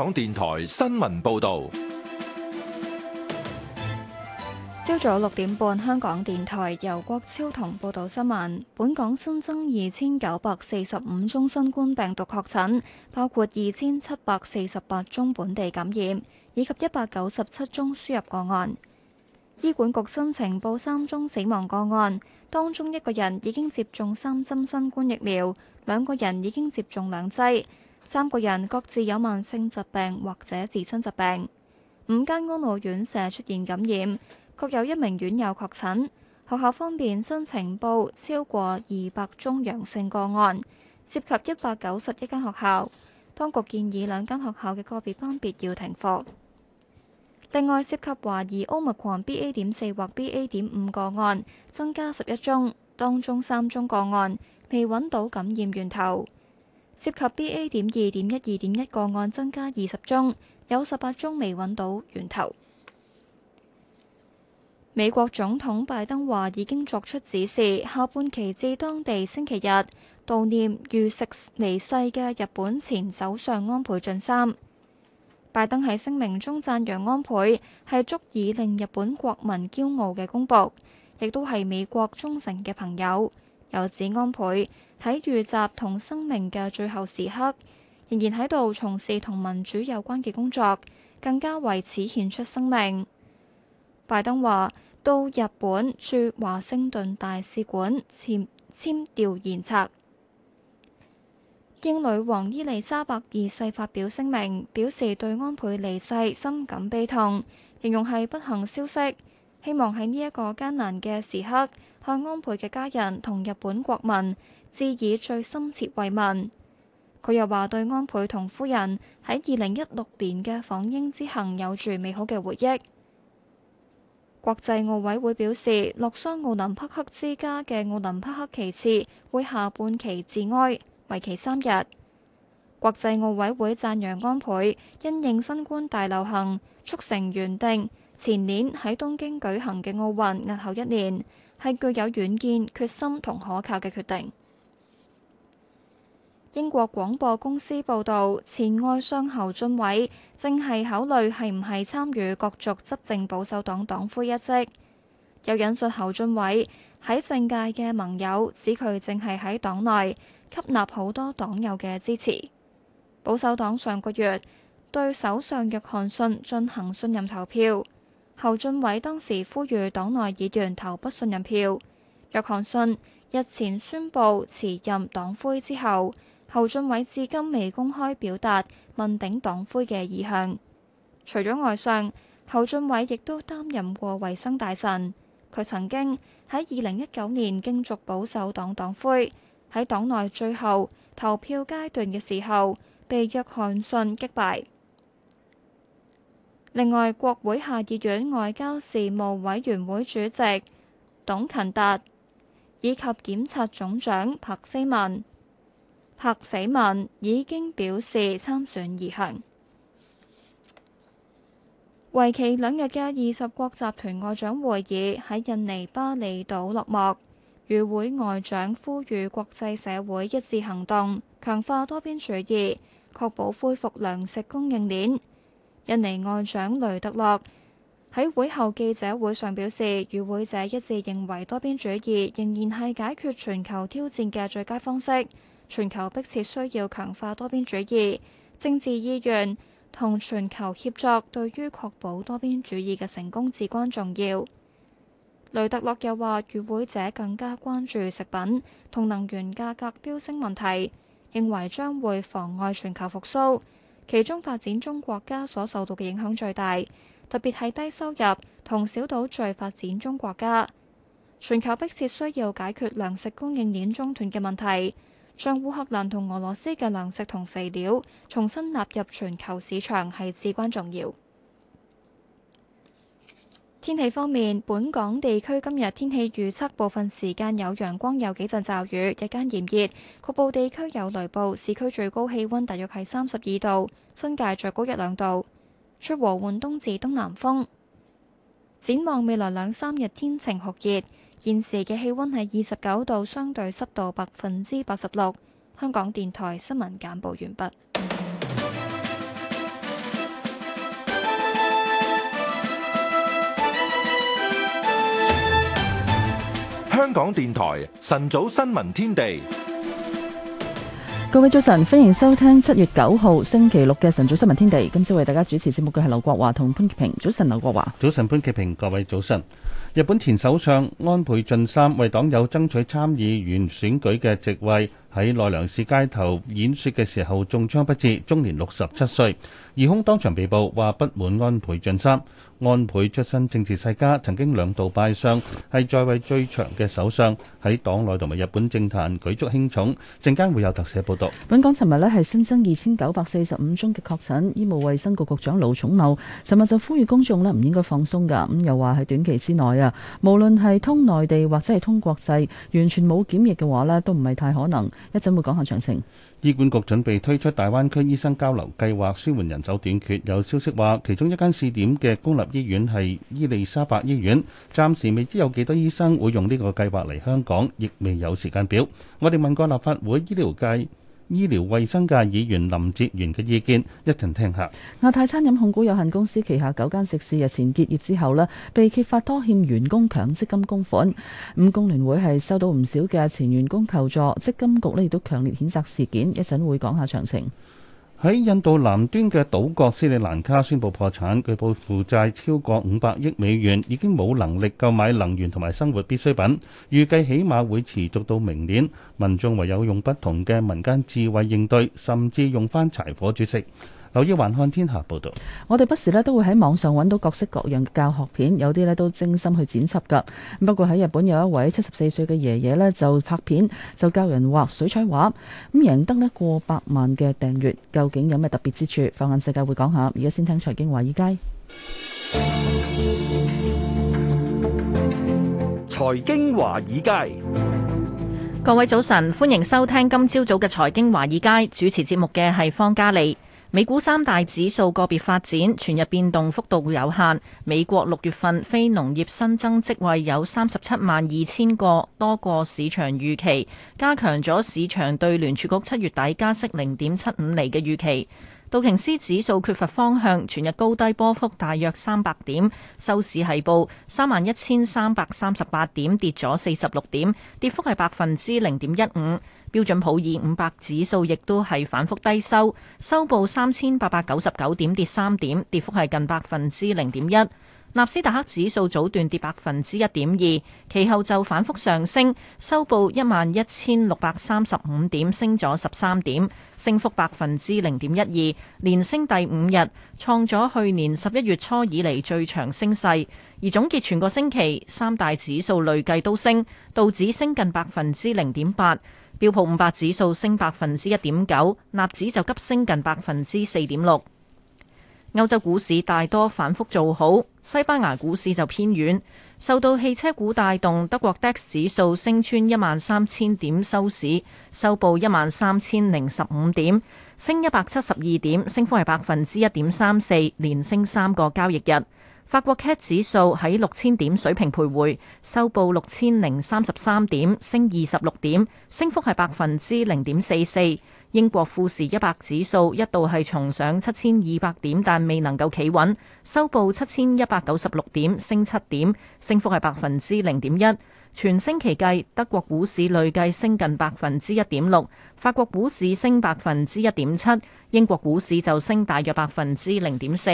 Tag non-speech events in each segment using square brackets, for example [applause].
香港電台新聞報道：朝早六點半，香港電台由郭超彤報道新聞。本港新增二千九百四十五宗新冠病毒確診，包括二千七百四十八宗本地感染以及一百九十七宗輸入個案。醫管局新呈報三宗死亡個案，當中一個人已經接種三針新冠疫苗，兩個人已經接種兩劑。三個人各自有慢性疾病或者自身疾病。五間安老院舍出現感染，各有一名院友確診。學校方面申請報超過二百宗陽性個案，涉及一百九十一間學校。當局建議兩間學校嘅個別分別要停課。另外涉及懷疑奧密克戎 B A. 點四或 B A. 點五個案，增加十一宗，當中三宗個案未揾到感染源頭。涉及 B.A. 點二點一二點一個案，增加二十宗，有十八宗未揾到源頭。美國總統拜登話已經作出指示，下半旗至當地星期日悼念遇刺離世嘅日本前首相安倍晉三。拜登喺聲明中讚揚安倍係足以令日本國民驕傲嘅公僕，亦都係美國忠誠嘅朋友，又指安倍。喺預習同生命嘅最後時刻，仍然喺度從事同民主有關嘅工作，更加為此獻出生命。拜登話到日本駐華盛頓大使館簽簽調研冊。英女王伊麗莎白二世發表聲明，表示對安倍離世深感悲痛，形容係不幸消息，希望喺呢一個艱難嘅時刻，向安倍嘅家人同日本國民。致以最深切慰問。佢又話對安倍同夫人喺二零一六年嘅訪英之行有住美好嘅回憶。國際奧委會表示，洛桑奧林匹克之家嘅奧林匹克旗幟會下半旗致哀，為期三日。國際奧委會讚揚安倍因應新冠大流行促成原定前年喺東京舉行嘅奧運押後一年，係具有遠見、決心同可靠嘅決定。英國廣播公司報導，前外相侯俊偉正係考慮係唔係參與角逐執政保守黨黨魁一職。又引述侯俊偉喺政界嘅盟友指，佢正係喺黨內吸納好多黨友嘅支持。保守黨上個月對首相約翰遜進行信任投票，侯俊偉當時呼籲黨內議員投不信任票。約翰遜日前宣布辭任黨魁之後，侯俊偉至今未公開表達問鼎黨魁嘅意向。除咗外相，侯俊偉亦都擔任過衛生大臣。佢曾經喺二零一九年競逐保守黨黨魁，喺黨內最後投票階段嘅時候被約翰遜擊敗。另外，國會下議院外交事務委員會主席董勤達以及檢察總長柏菲文。拍緋聞已經表示參選而行。為期兩日嘅二十國集團外長會議喺印尼巴厘島落幕，與會外長呼籲國際社會一致行動，強化多邊主義，確保恢復糧食供應鏈。印尼外長雷德諾喺會後記者會上表示，與會者一致認為多邊主義仍然係解決全球挑戰嘅最佳方式。全球迫切需要強化多邊主義，政治意願同全球協作，對於確保多邊主義嘅成功至關重要。雷特洛又話，與會者更加關注食品同能源價格飆升問題，認為將會妨礙全球復甦。其中，發展中國家所受到嘅影響最大，特別係低收入同小島嶼發展中國家。全球迫切需要解決糧食供應鏈中斷嘅問題。將烏克蘭同俄羅斯嘅糧食同肥料重新納入全球市場係至關重要。天氣方面，本港地區今日天氣預測部分時間有陽光，有幾陣驟雨，日間炎熱，局部地區有雷暴。市區最高氣温大約係三十二度，新界最高一兩度。出和緩東至東南風。展望未來兩三日，天晴酷熱。現時嘅氣温係二十九度，相對濕度百分之八十六。香港電台新聞簡報完畢。香港電台晨早新聞天地。各位早晨，歡迎收聽七月九號星期六嘅晨早新聞天地。今朝為大家主持節目嘅係劉國華同潘潔平。早晨，劉國華。早晨，潘潔平。各位早晨。日本前首相安倍晉三為黨友爭取參議院選舉嘅席位，喺奈良市街頭演說嘅時候，中槍不治，終年六十七歲。疑兇當場被捕，話不滿安倍晉三。安倍出身政治世家，曾經兩度拜相，係在位最長嘅首相，喺黨內同埋日本政壇舉足輕重。陣間會有特寫報道。本港尋日咧係新增二千九百四十五宗嘅確診，醫務衛生局局長盧寵茂尋日就呼籲公眾咧唔應該放鬆㗎，咁又話喺短期之內啊，無論係通內地或者係通國際，完全冇檢疫嘅話咧，都唔係太可能。一陣會講下詳情。醫管局準備推出大灣區醫生交流計劃，舒緩人手短缺。有消息話，其中一間試點嘅公立醫院係伊利沙伯醫院。暫時未知有幾多醫生會用呢個計劃嚟香港，亦未有時間表。我哋問過立法會醫療界。醫療衛生界議員林哲源嘅意見，一陣聽，聽一下。亞太餐飲控股有限公司旗下九間食肆日前結業之後咧，被揭發拖欠員工強積金供款。咁工聯會係收到唔少嘅前員工求助，積金局咧亦都強烈譴責事件。一陣會講下詳情。喺印度南端嘅島國斯里蘭卡宣布破產，據報負債超過五百億美元，已經冇能力購買能源同埋生活必需品，預計起碼會持續到明年，民眾唯有用不同嘅民間智慧應對，甚至用返柴火煮食。留意《還看天下》報道，我哋不時咧都會喺網上揾到各式各樣嘅教學片，有啲咧都精心去剪輯噶。不過喺日本有一位七十四歲嘅爺爺咧，就拍片就教人畫水彩畫，咁贏得咧過百萬嘅訂閱。究竟有咩特別之處？放眼世界會講下。而家先聽財經華爾街。財經華爾街，各位早晨，歡迎收聽今朝早嘅財經華爾街。主持節目嘅係方嘉莉。美股三大指數個別發展，全日變動幅度有限。美國六月份非農業新增職位有三十七萬二千個，多過市場預期，加強咗市場對聯儲局七月底加息零點七五厘嘅預期。道瓊斯指數缺乏方向，全日高低波幅大約三百點，收市係報三萬一千三百三十八點，跌咗四十六點，跌幅係百分之零點一五。標準普爾五百指數亦都係反覆低收，收報三千八百九十九點，跌三點，跌幅係近百分之零點一。納斯達克指數早段跌百分之一點二，其後就反覆上升，收報一萬一千六百三十五點，升咗十三點，升幅百分之零點一二，連升第五日，創咗去年十一月初以嚟最長升勢。而總結全個星期三大指數累計都升，道指升近百分之零點八。標普五百指數升百分之一點九，納指就急升近百分之四點六。歐洲股市大多反覆做好，西班牙股市就偏軟，受到汽車股帶動。德國 DAX 指數升穿一萬三千點收市，收報一萬三千零十五點，升一百七十二點，升幅係百分之一點三四，連升三個交易日。法國 CAC 指數喺六千點水平徘徊，收報六千零三十三點，升二十六點，升幅係百分之零點四四。英國富時一百指數一度係重上七千二百點，但未能夠企穩，收報七千一百九十六點，升七點，升幅係百分之零點一。全星期計，德國股市累計升近百分之一點六，法國股市升百分之一點七，英國股市就升大約百分之零點四。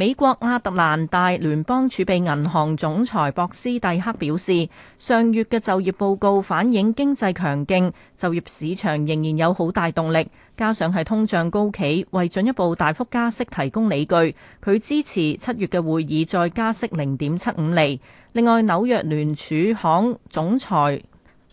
美國亞特蘭大聯邦儲備銀行總裁博斯蒂克表示，上月嘅就業報告反映經濟強勁，就業市場仍然有好大動力，加上係通脹高企，為進一步大幅加息提供理據。佢支持七月嘅會議再加息零點七五厘。另外，紐約聯儲行總裁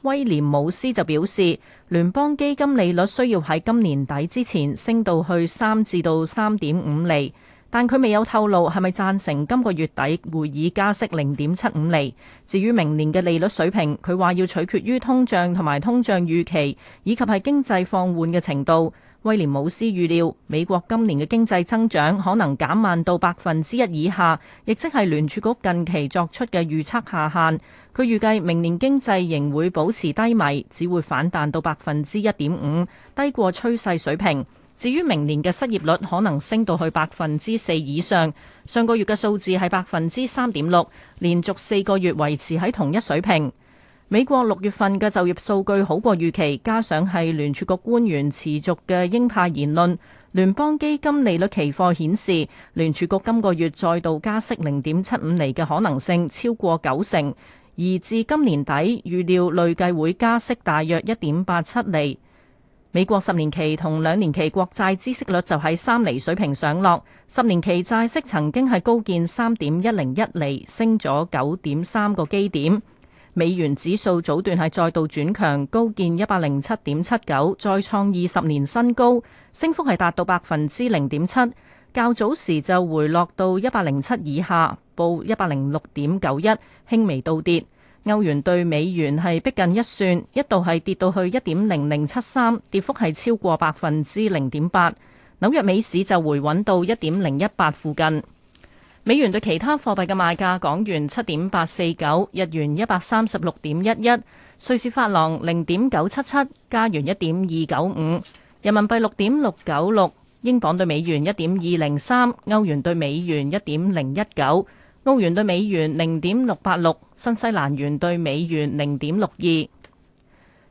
威廉姆斯就表示，聯邦基金利率需要喺今年底之前升到去三至到三點五厘。但佢未有透露係咪讚成今個月底會議加息零點七五厘。至於明年嘅利率水平，佢話要取決於通脹同埋通脹預期，以及係經濟放緩嘅程度。威廉姆斯預料美國今年嘅經濟增長可能減慢到百分之一以下，亦即係聯儲局近期作出嘅預測下限。佢預計明年經濟仍會保持低迷，只會反彈到百分之一點五，低過趨勢水平。至於明年嘅失業率可能升到去百分之四以上，上個月嘅數字係百分之三點六，連續四個月維持喺同一水平。美國六月份嘅就業數據好過預期，加上係聯儲局官員持續嘅鷹派言論，聯邦基金利率期貨顯示聯儲局今個月再度加息零點七五厘嘅可能性超過九成，而至今年底，預料累計會加息大約一點八七厘。美國十年期同兩年期國債孳息率就喺三厘水平上落，十年期債息曾經係高見三點一零一厘，升咗九點三個基點。美元指數早段係再度轉強，高見一百零七點七九，再創二十年新高，升幅係達到百分之零點七。較早時就回落到一百零七以下，報一百零六點九一，輕微倒跌。歐元對美元係逼近一算，一度係跌到去一點零零七三，跌幅係超過百分之零點八。紐約美市就回穩到一點零一八附近。美元對其他貨幣嘅賣價：港元七點八四九，日元一百三十六點一一，瑞士法郎零點九七七，加元一點二九五，人民幣六點六九六，英鎊對美元一點二零三，歐元對美元一點零一九。歐元兌美元零點六八六，新西蘭元兌美元零點六二。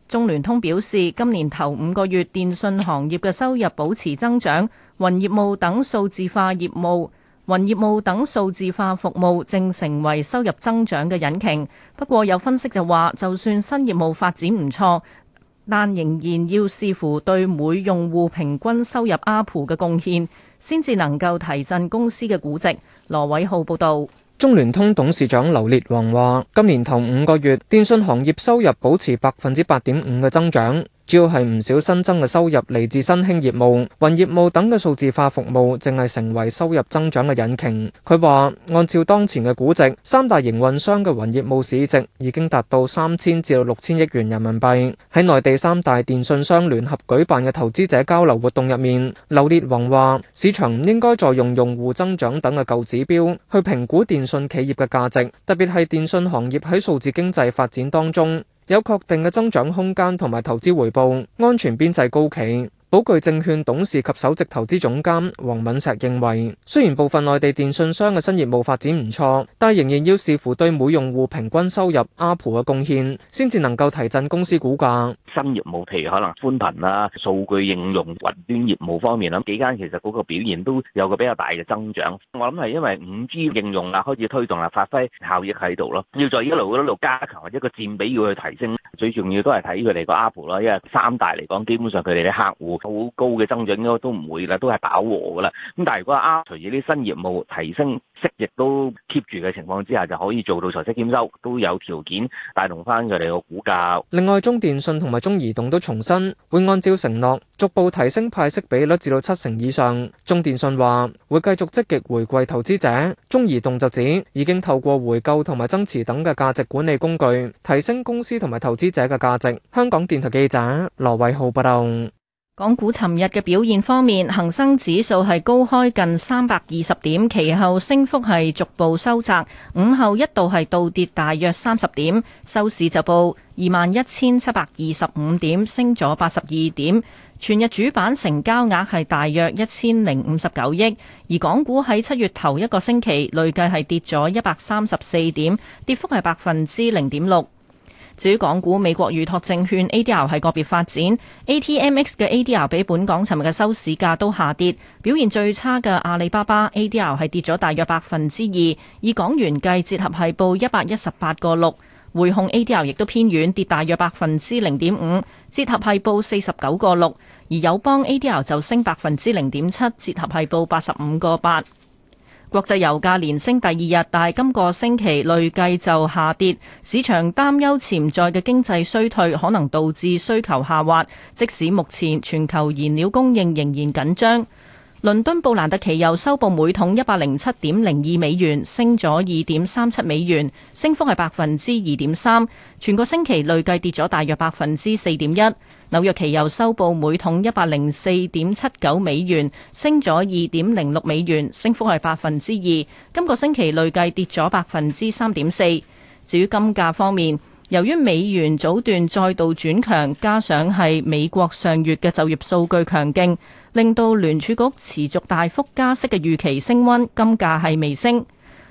中聯通表示，今年頭五個月，電信行業嘅收入保持增長，雲業務等數字化業務，雲業務等數字化服務正成為收入增長嘅引擎。不過有分析就話，就算新業務發展唔錯，但仍然要視乎對每用戶平均收入阿蒲嘅貢獻，先至能夠提振公司嘅估值。羅偉浩報道。中聯通董事長劉烈宏話：今年頭五個月，電信行業收入保持百分之八點五嘅增長。主要係唔少新增嘅收入嚟自新興業務、雲業務等嘅數字化服務，淨係成為收入增長嘅引擎。佢話：按照當前嘅估值，三大營運商嘅雲業務市值已經達到三千至六千億元人民幣。喺內地三大電信商聯合舉辦嘅投資者交流活動入面，劉烈宏話：市場唔應該再用用戶增長等嘅舊指標去評估電信企業嘅價值，特別係電信行業喺數字經濟發展當中。有確定嘅增長空間同埋投資回報，安全邊際高企。寶具證券董事及首席投資總監黃敏石認為，雖然部分內地電信商嘅新業務發展唔錯，但係仍然要視乎對每用戶平均收入 ARPU 嘅貢獻，先至能夠提振公司股價。新業務譬如可能寬頻啦、數據應用、雲端業務方面啦，幾間其實嗰個表現都有個比較大嘅增長。我諗係因為五 G 應用啦，開始推動啦，發揮效益喺度咯，要在一路一路加強，或者個佔比要去提升。最重要都係睇佢哋個 ARPU 啦，因為三大嚟講，基本上佢哋啲客戶。好高嘅增長，都都唔會啦，都係飽和噶啦。咁但係如果隨住啲新業務提升息亦都 keep 住嘅情況之下，就可以做到財息兼收，都有條件帶動翻佢哋個股價。另外，中電信同埋中移動都重申會按照承諾逐步提升派息比率至到七成以上。中電信話會繼續積極回饋投資者，中移動就指已經透過回購同埋增持等嘅價值管理工具提升公司同埋投資者嘅價值。香港電台記者羅偉浩報道。港股尋日嘅表現方面，恒生指數係高開近三百二十點，其後升幅係逐步收窄。午後一度係倒跌大約三十點，收市就報二萬一千七百二十五點，升咗八十二點。全日主板成交額係大約一千零五十九億。而港股喺七月頭一個星期累計係跌咗一百三十四點，跌幅係百分之零點六。至於港股，美國預託證券 A D R 係個別發展，A T M X 嘅 A D R 比本港尋日嘅收市價都下跌，表現最差嘅阿里巴巴 A D R 係跌咗大約百分之二，以港元計折，折合係報一百一十八個六，匯控 A D R 亦都偏軟，跌大約百分之零點五，折合係報四十九個六，而友邦 A D R 就升百分之零點七，折合係報八十五個八。國際油價連升第二日，但係今個星期累計就下跌。市場擔憂潛在嘅經濟衰退可能導致需求下滑，即使目前全球燃料供應仍然緊張。倫敦布蘭特期油收報每桶一百零七點零二美元，升咗二點三七美元，升幅係百分之二點三。全個星期累計跌咗大約百分之四點一。紐約期油收報每桶一百零四點七九美元，升咗二點零六美元，升幅係百分之二。今個星期累計跌咗百分之三點四。至於金價方面，由於美元早段再度轉強，加上係美國上月嘅就業數據強勁，令到聯儲局持續大幅加息嘅預期升溫，金價係微升。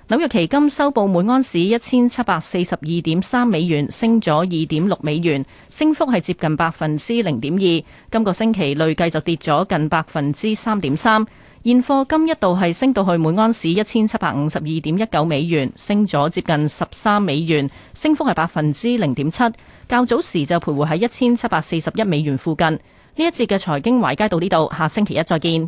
紐約期金收報每安士一千七百四十二點三美元，升咗二點六美元，升幅係接近百分之零點二。今個星期累計就跌咗近百分之三點三。現貨金一度係升到去每安士一千七百五十二點一九美元，升咗接近十三美元，升幅係百分之零點七。較早時就徘徊喺一千七百四十一美元附近。呢一節嘅財經圍街到呢度，下星期一再見。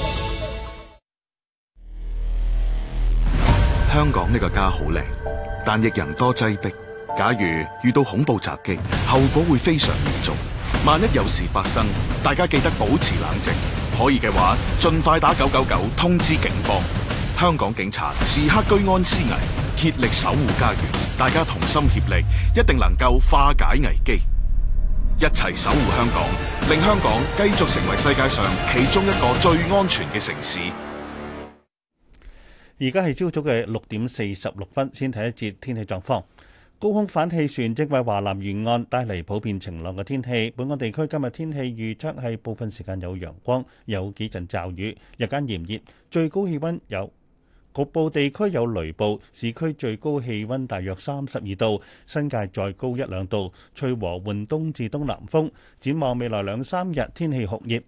香港呢個家好靚，但亦人多擠迫。假如遇到恐怖襲擊，後果會非常嚴重。萬一有事發生，大家記得保持冷靜，可以嘅話盡快打九九九通知警方。香港警察時刻居安思危，竭力守護家園。大家同心協力，一定能夠化解危機，一齊守護香港，令香港繼續成為世界上其中一個最安全嘅城市。而家係朝早嘅六點四十六分，先睇一節天氣狀況。高空反氣旋正為華南沿岸帶嚟普遍晴朗嘅天氣。本港地區今日天氣預測係部分時間有陽光，有幾陣驟雨，日間炎熱，最高氣温有。局部地區有雷暴。市區最高氣温大約三十二度，新界再高一兩度。吹和緩東至東南風。展望未來兩三日天氣酷熱。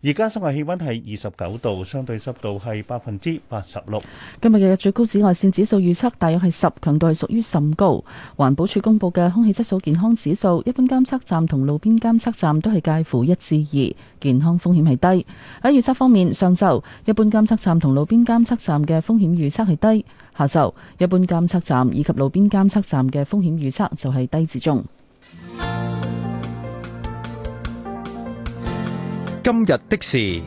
而家室外氣溫係二十九度，相對濕度係百分之八十六。今日嘅最高紫外線指數預測大約係十，強度係屬於甚高。環保署公布嘅空氣質素健康指數，一般監測站同路邊監測站都係介乎一至二，健康風險係低。喺預測方面，上晝一般監測站同路邊監測站嘅風險預測係低，下晝一般監測站以及路邊監測站嘅風險預測就係低至中。今日的事，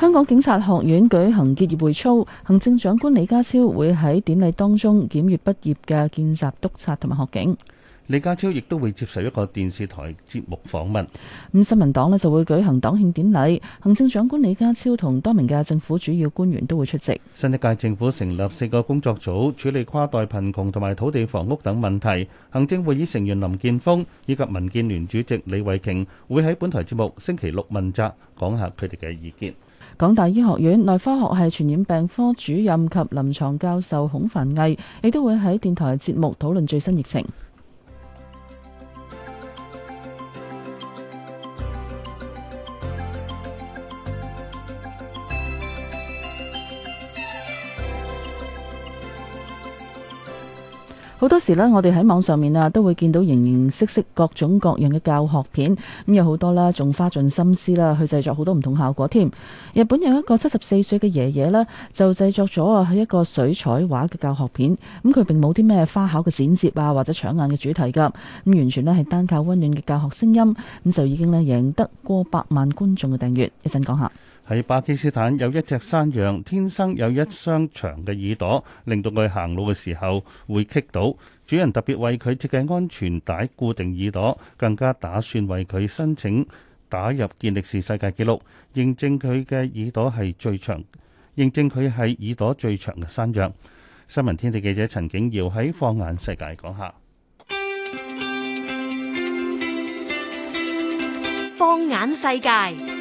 香港警察學院舉行結業會操，行政長官李家超會喺典禮當中檢閱畢業嘅見習督察同埋學警。李家超亦都會接受一個電視台節目訪問。咁，新民黨咧就會舉行黨慶典禮，行政長官李家超同多名嘅政府主要官員都會出席。新一屆政府成立四個工作組，處理跨代貧窮同埋土地房屋等問題。行政會議成員林建峰以及民建聯主席李慧瓊會喺本台節目星期六問責，講下佢哋嘅意見。港大醫學院內科學系傳染病科主任及臨牀教授孔凡毅亦都會喺電台節目討論最新疫情。好多時呢，我哋喺網上面啊，都會見到形形色色、各種各樣嘅教學片咁，有好多啦，仲花盡心思啦去製作好多唔同效果添。日本有一個七十四歲嘅爺爺呢，就製作咗啊一個水彩畫嘅教學片，咁佢並冇啲咩花巧嘅剪接啊，或者搶眼嘅主題噶，咁完全呢係單靠溫暖嘅教學聲音，咁就已經呢贏得過百萬觀眾嘅訂閱。一陣講下。喺巴基斯坦有一隻山羊，天生有一雙長嘅耳朵，令到佢行路嘅時候會棘到。主人特別為佢設計安全帶固定耳朵，更加打算為佢申請打入健力士世界紀錄，認證佢嘅耳朵係最長，認證佢係耳朵最長嘅山羊。新聞天地記者陳景瑤喺放眼世界講下。放眼世界。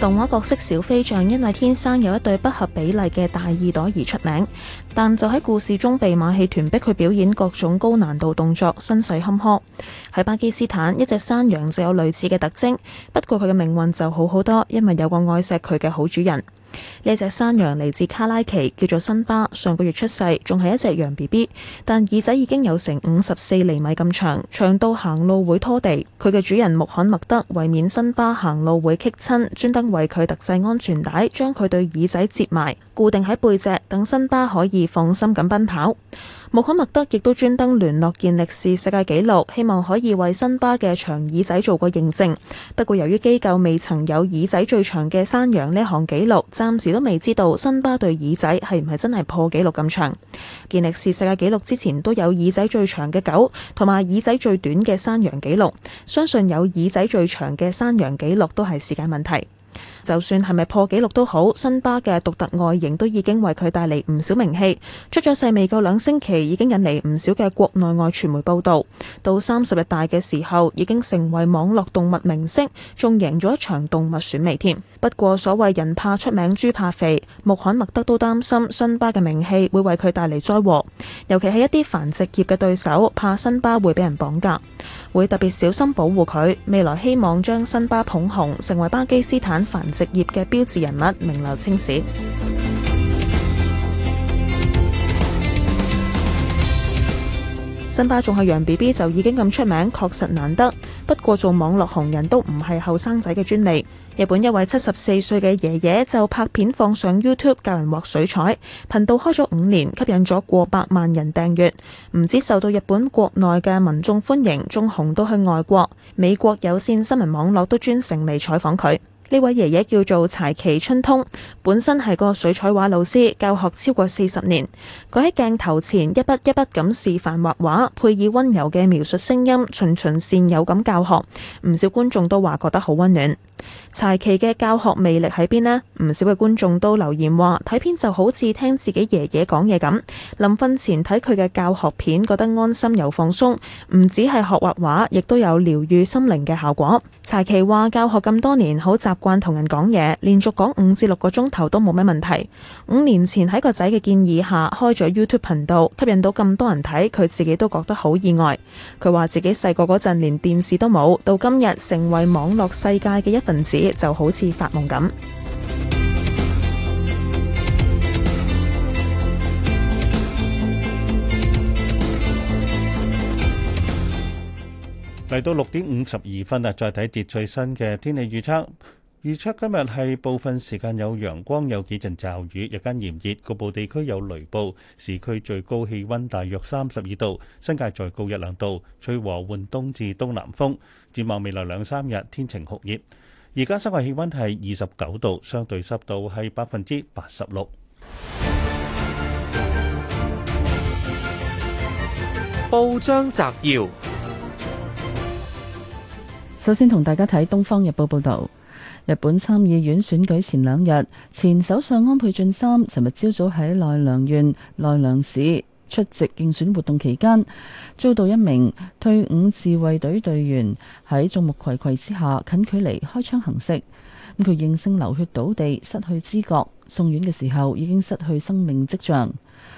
動畫角色小飛象因為天生有一對不合比例嘅大耳朵而出名，但就喺故事中被馬戲團逼佢表演各種高難度動作，身世坎坷。喺巴基斯坦，一隻山羊就有類似嘅特徵，不過佢嘅命運就好好多，因為有個愛錫佢嘅好主人。呢隻山羊嚟自卡拉奇，叫做辛巴，上個月出世，仲係一隻羊 BB，但耳仔已經有成五十四厘米咁長，長到行路會拖地。佢嘅主人穆罕默德為免辛巴行路會棘親，專登為佢特製安全帶，將佢對耳仔接埋，固定喺背脊，等辛巴可以放心咁奔跑。穆罕默德亦都專登聯絡健力士世界紀錄，希望可以為新巴嘅長耳仔做個認證。不過由於機構未曾有耳仔最長嘅山羊呢項紀錄，暫時都未知道新巴對耳仔係唔係真係破紀錄咁長。健力士世界紀錄之前都有耳仔最長嘅狗同埋耳仔最短嘅山羊紀錄，相信有耳仔最長嘅山羊紀錄都係時間問題。就算係咪破紀錄都好，新巴嘅獨特外形都已經為佢帶嚟唔少名氣。出咗世未夠兩星期，已經引嚟唔少嘅國內外傳媒報導。到三十日大嘅時候，已經成為網絡動物明星，仲贏咗一場動物選美添。不過所謂人怕出名豬怕肥，穆罕默德都擔心新巴嘅名氣會為佢帶嚟災禍，尤其係一啲繁殖業嘅對手，怕新巴會畀人綁架。會特別小心保護佢，未來希望將新巴捧紅，成為巴基斯坦繁殖業嘅標誌人物，名留青史。 [noise] 新巴仲係羊 B B 就已經咁出名，確實難得。不過做網絡紅人都唔係後生仔嘅專利。日本一位七十四歲嘅爺爺就拍片放上 YouTube 教人畫水彩，頻道開咗五年，吸引咗過百萬人訂閱，唔止受到日本國內嘅民眾歡迎，仲紅到去外國，美國有線新聞網絡都專誠嚟採訪佢。呢位爺爺叫做柴崎春通，本身係個水彩畫老師，教學超過四十年。佢喺鏡頭前一筆一筆咁示範畫畫，配以溫柔嘅描述聲音，循循善誘咁教學，唔少觀眾都話覺得好溫暖。柴奇嘅教學魅力喺邊呢？唔少嘅觀眾都留言話睇片就好似聽自己爺爺講嘢咁。臨瞓前睇佢嘅教學片，覺得安心又放鬆。唔止係學畫畫，亦都有療癒心靈嘅效果。柴奇話教學咁多年，好習慣同人講嘢，連續講五至六個鐘頭都冇咩問題。五年前喺個仔嘅建議下開咗 YouTube 頻道，吸引到咁多人睇，佢自己都覺得好意外。佢話自己細個嗰陣連電視都冇，到今日成為網絡世界嘅一份甚至就好似發夢咁。嚟到六點五十二分啦，再睇截最新嘅天氣預測。預測今日係部分時間有陽光，有幾陣驟雨。日間炎熱，局部地區有雷暴。市區最高氣溫大約三十二度，新界再高一兩度。吹和緩東至東南風。展望未來兩三日，天晴酷熱。而家室外氣溫係二十九度，相對濕度係百分之八十六。報章摘要：首先同大家睇《東方日報》報導，日本參議院選舉前兩日，前首相安倍晉三尋日朝早喺奈良縣奈良市。出席競選活動期間，遭到一名退伍自衛隊隊員喺眾目睽睽之下近距離開槍行刺，咁佢應聲流血倒地，失去知覺，送院嘅時候已經失去生命跡象。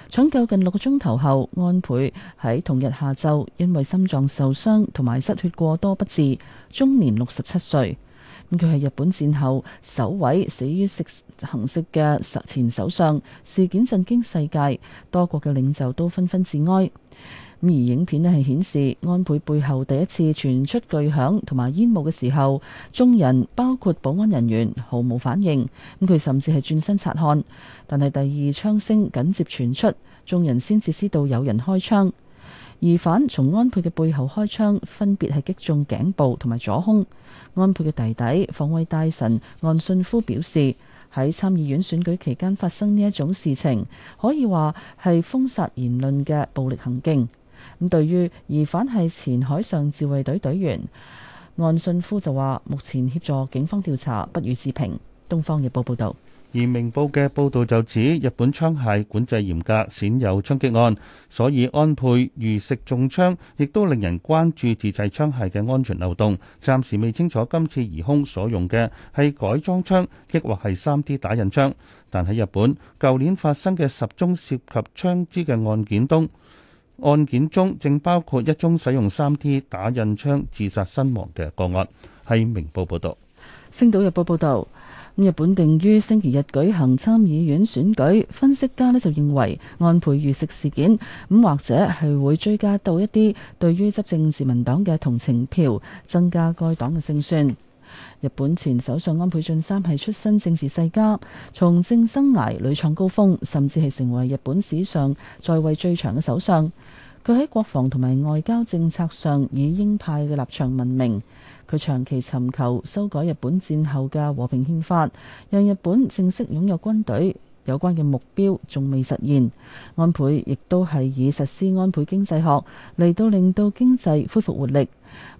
搶救近六個鐘頭後，安倍喺同日下晝因為心臟受傷同埋失血過多不治，終年六十七歲。咁佢係日本戰後首位死於食。行色嘅前首相，事件震驚世界，多國嘅領袖都紛紛致哀。咁而影片咧係顯示安倍背後第一次傳出巨響同埋煙霧嘅時候，眾人包括保安人員毫無反應。咁佢甚至係轉身察看，但係第二槍聲緊接傳出，眾人先至知道有人開槍。疑犯從安倍嘅背後開槍，分別係擊中頸部同埋左胸。安倍嘅弟弟防衛大臣岸信夫表示。喺參議院選舉期間發生呢一種事情，可以話係封殺言論嘅暴力行徑。咁對於疑犯係前海上自衛隊隊員，岸信夫就話：目前協助警方調查，不予置評。《東方日報》報道。而明報嘅報導就指，日本槍械管制嚴格，鮮有槍擊案，所以安倍遇食中槍，亦都令人關注自製槍械嘅安全漏洞。暫時未清楚今次疑兇所用嘅係改裝槍，抑或係三 D 打印槍。但喺日本舊年發生嘅十宗涉及槍支嘅案件中，案件中正包括一宗使用三 D 打印槍自殺身亡嘅個案。係明報報道，《星島日報》報道。日本定於星期日舉行參議院選舉，分析家呢就認為，安倍遇刺事件咁或者係會追加到一啲對於執政自民黨嘅同情票，增加該黨嘅勝算。日本前首相安倍晉三係出身政治世家，從政生涯屢創高峰，甚至係成為日本史上在位最長嘅首相。佢喺國防同埋外交政策上以鷹派嘅立場聞名。佢長期尋求修改日本戰後嘅和平憲法，讓日本正式擁有軍隊。有關嘅目標仲未實現。安倍亦都係以實施安倍經濟學嚟到令到經濟恢復活力。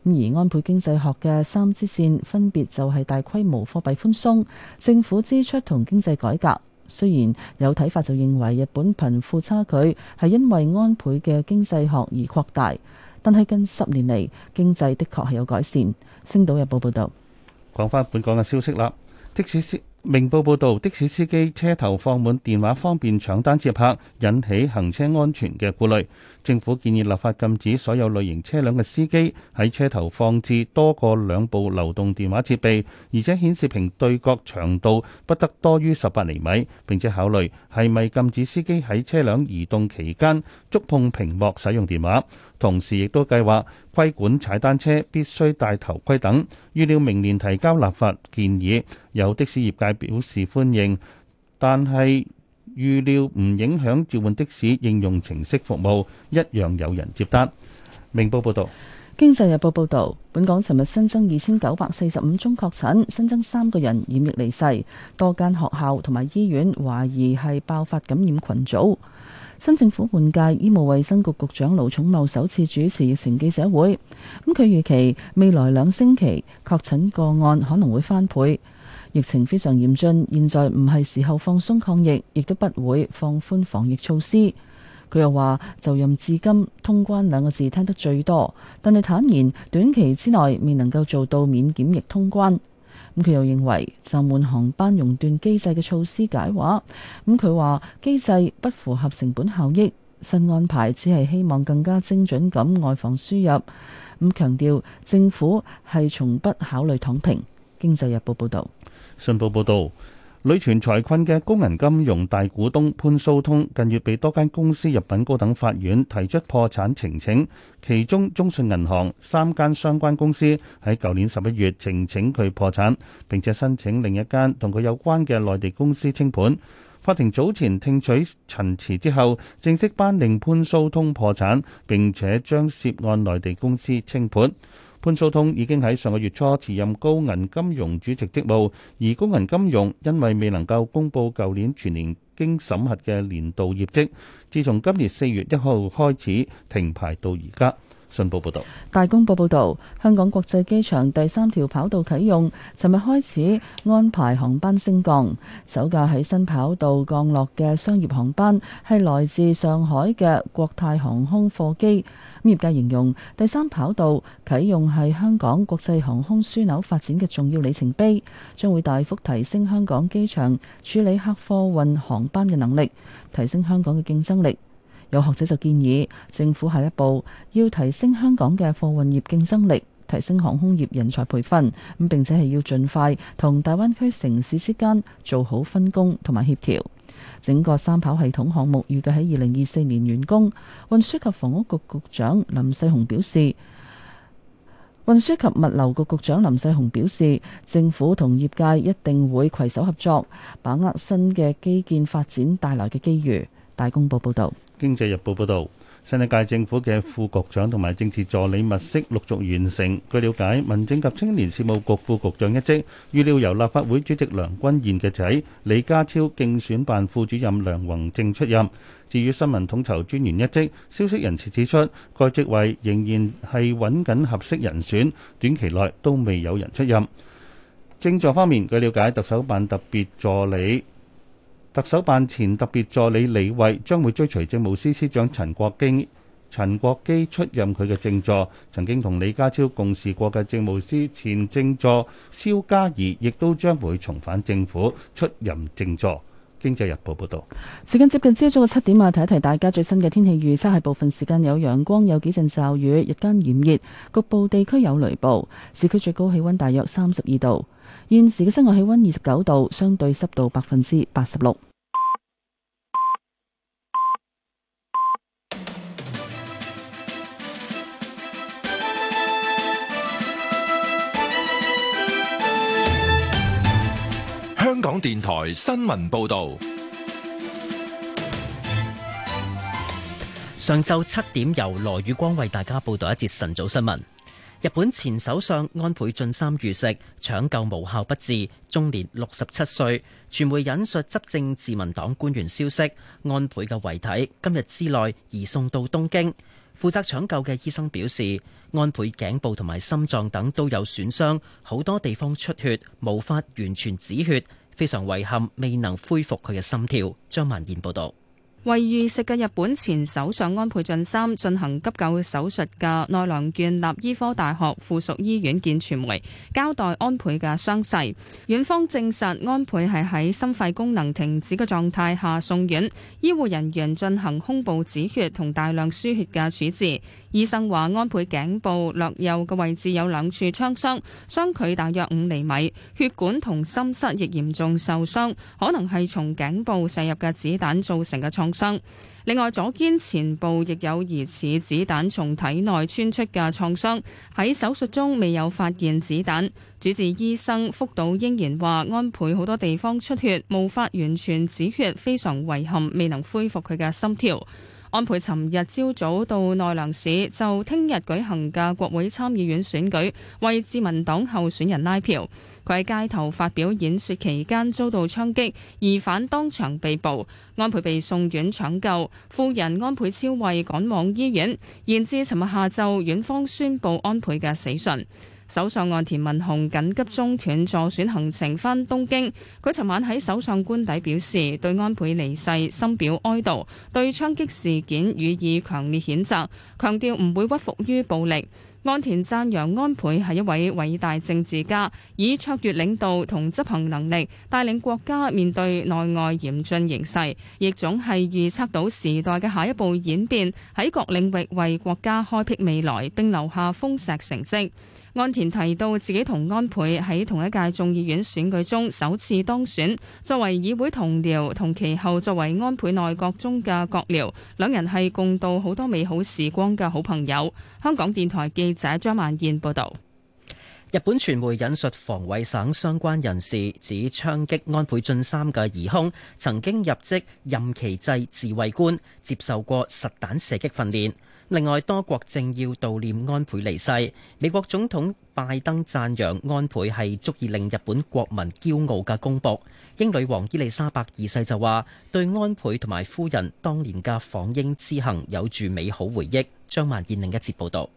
而安倍經濟學嘅三支箭分別就係大規模貨幣寬鬆、政府支出同經濟改革。雖然有睇法就認為日本貧富差距係因為安倍嘅經濟學而擴大，但係近十年嚟經濟的確係有改善。星島日報報道，講翻本港嘅消息啦。的士司明報報道，的士司機車頭放滿電話，方便搶單接客，引起行車安全嘅顧慮。政府建議立法禁止所有類型車輛嘅司機喺車頭放置多過兩部流動電話設備，而且顯示屏對角長度不得多於十八厘米。並且考慮係咪禁止司機喺車輛移動期間觸碰屏幕使用電話。同時亦都計劃規管踩單車必須戴頭盔等。預料明年提交立法建議，有的士業界表示歡迎，但係，預料唔影響召喚的士應用程式服務，一樣有人接單。明報報道，經濟日報報道，本港尋日新增二千九百四十五宗確診，新增三個人染疫離世，多間學校同埋醫院懷疑係爆發感染群組。新政府換屆，醫務衛生局局長盧寵茂首次主持疫情記者會，咁佢預期未來兩星期確診個案可能會翻倍。疫情非常嚴峻，現在唔係時候放鬆抗疫，亦都不會放寬防疫措施。佢又話就任至今，通關兩個字聽得最多，但係坦言短期之內未能夠做到免檢疫通關，咁佢又認為暫緩航班熔斷機制嘅措施解話，咁佢話機制不符合成本效益，新安排只係希望更加精準咁外防輸入。咁強調政府係從不考慮躺平。經濟日報報道。信報報導，屢傳財困嘅高銀金融大股東潘蘇通近月被多間公司入禀高等法院提出破產呈請。其中中信銀行三間相關公司喺舊年十一月呈請佢破產，並且申請另一間同佢有關嘅內地公司清盤。法庭早前聽取陳詞之後，正式頒令潘蘇通破產，並且將涉案內地公司清盤。潘蘇通已經喺上個月初辭任高銀金融主席職務，而高銀金融因為未能夠公佈舊年全年經審核嘅年度業績，自從今年四月一號開始停牌到而家。信報報導，大公報報導，香港國際機場第三條跑道啟用，尋日開始安排航班升降，首架喺新跑道降落嘅商業航班係來自上海嘅國泰航空貨機。咁業界形容第三跑道啟用係香港國際航空樞紐發展嘅重要里程碑，將會大幅提升香港機場處理客貨運航班嘅能力，提升香港嘅競爭力。有學者就建議政府下一步要提升香港嘅貨運業競爭力，提升航空業人才培訓咁，並且係要盡快同大灣區城市之間做好分工同埋協調。整個三跑系統項目預計喺二零二四年完工。運輸及房屋局局長林世雄表示，運輸及物流局局長林世雄表示，政府同業界一定會攜手合作，把握新嘅基建發展帶來嘅機遇。大公報報導。《經濟日報》報導，新一屆政府嘅副局長同埋政治助理物色陸續完成。據瞭解，民政及青年事務局副局長一職，預料由立法會主席梁君彥嘅仔李家超競選辦副主任梁宏正出任。至於新聞統籌專員一職，消息人士指出，該職位仍然係揾緊合適人選，短期內都未有人出任。政助方面，據瞭解，特首辦特別助理。特首辦前特別助理李慧將會追隨政務司司長陳國基，陳國基出任佢嘅政助。曾經同李家超共事過嘅政務司前政助蕭嘉儀，亦都將會重返政府出任政助。經濟日報報道。時間接近朝早嘅七點啊，提一提大家最新嘅天氣預測係部分時間有陽光，有幾陣驟雨，日間炎熱，局部地區有雷暴。市區最高氣溫大約三十二度。現時嘅室外氣溫二十九度，相對濕度百分之八十六。香港電台新聞報道，上晝七點由羅宇光為大家報道一節晨早新聞。日本前首相安倍晉三遇刺搶救無效不治，終年六十七歲。傳媒引述執政自民黨官員消息，安倍嘅遺體今日之內移送到東京。負責搶救嘅醫生表示，安倍頸部同埋心臟等都有損傷，好多地方出血，無法完全止血，非常遺憾未能恢復佢嘅心跳。張曼燕報道。為遇食嘅日本前首相安倍晉三進行急救手術嘅奈良縣立醫科大學附屬醫院見傳媒，交代安倍嘅傷勢。院方證實安倍係喺心肺功能停止嘅狀態下送院，醫護人員進行胸部止血同大量輸血嘅處置。醫生話：安倍頸部略右嘅位置有兩處槍傷，相距大約五厘米，血管同心室亦嚴重受傷，可能係從頸部射入嘅子彈造成嘅創傷。另外，左肩前部亦有疑似子彈從體內穿出嘅創傷。喺手術中未有發現子彈。主治醫生福島英然話：安倍好多地方出血，無法完全止血，非常遺憾未能恢復佢嘅心跳。安倍尋日朝早到奈良市就聽日舉行嘅國會參議院選舉為自民黨候選人拉票。佢喺街頭發表演說期間遭到槍擊，疑犯當場被捕。安倍被送院搶救，夫人安倍昭惠趕往醫院。延至尋日下晝，院方宣布安倍嘅死訊。首相岸田文雄緊急中斷助選行程，返東京。佢尋晚喺首相官邸表示，對安倍離世深表哀悼，對槍擊事件予以強烈譴責，強調唔會屈服於暴力。岸田讚揚安倍係一位偉大政治家，以卓越領導同執行能力帶領國家面對內外嚴峻形勢，亦總係預測到時代嘅下一步演變，喺各領域為國家開闢未來並留下豐碩成績。岸田提到自己同安倍喺同一屆眾議院選舉中首次當選，作為議會同僚，同其後作為安倍內閣中嘅閣僚，兩人係共度好多美好時光嘅好朋友。香港電台記者張萬燕報道。日本傳媒引述防衛省相關人士指，槍擊安倍晉三嘅疑凶曾經入職任期制自衛官，接受過實彈射擊訓練。另外，多國政要悼念安倍離世。美國總統拜登讚揚安倍係足以令日本國民驕傲嘅公僕。英女王伊麗莎白二世就話：對安倍同埋夫人當年嘅訪英之行有住美好回憶。張曼燕另一節報道。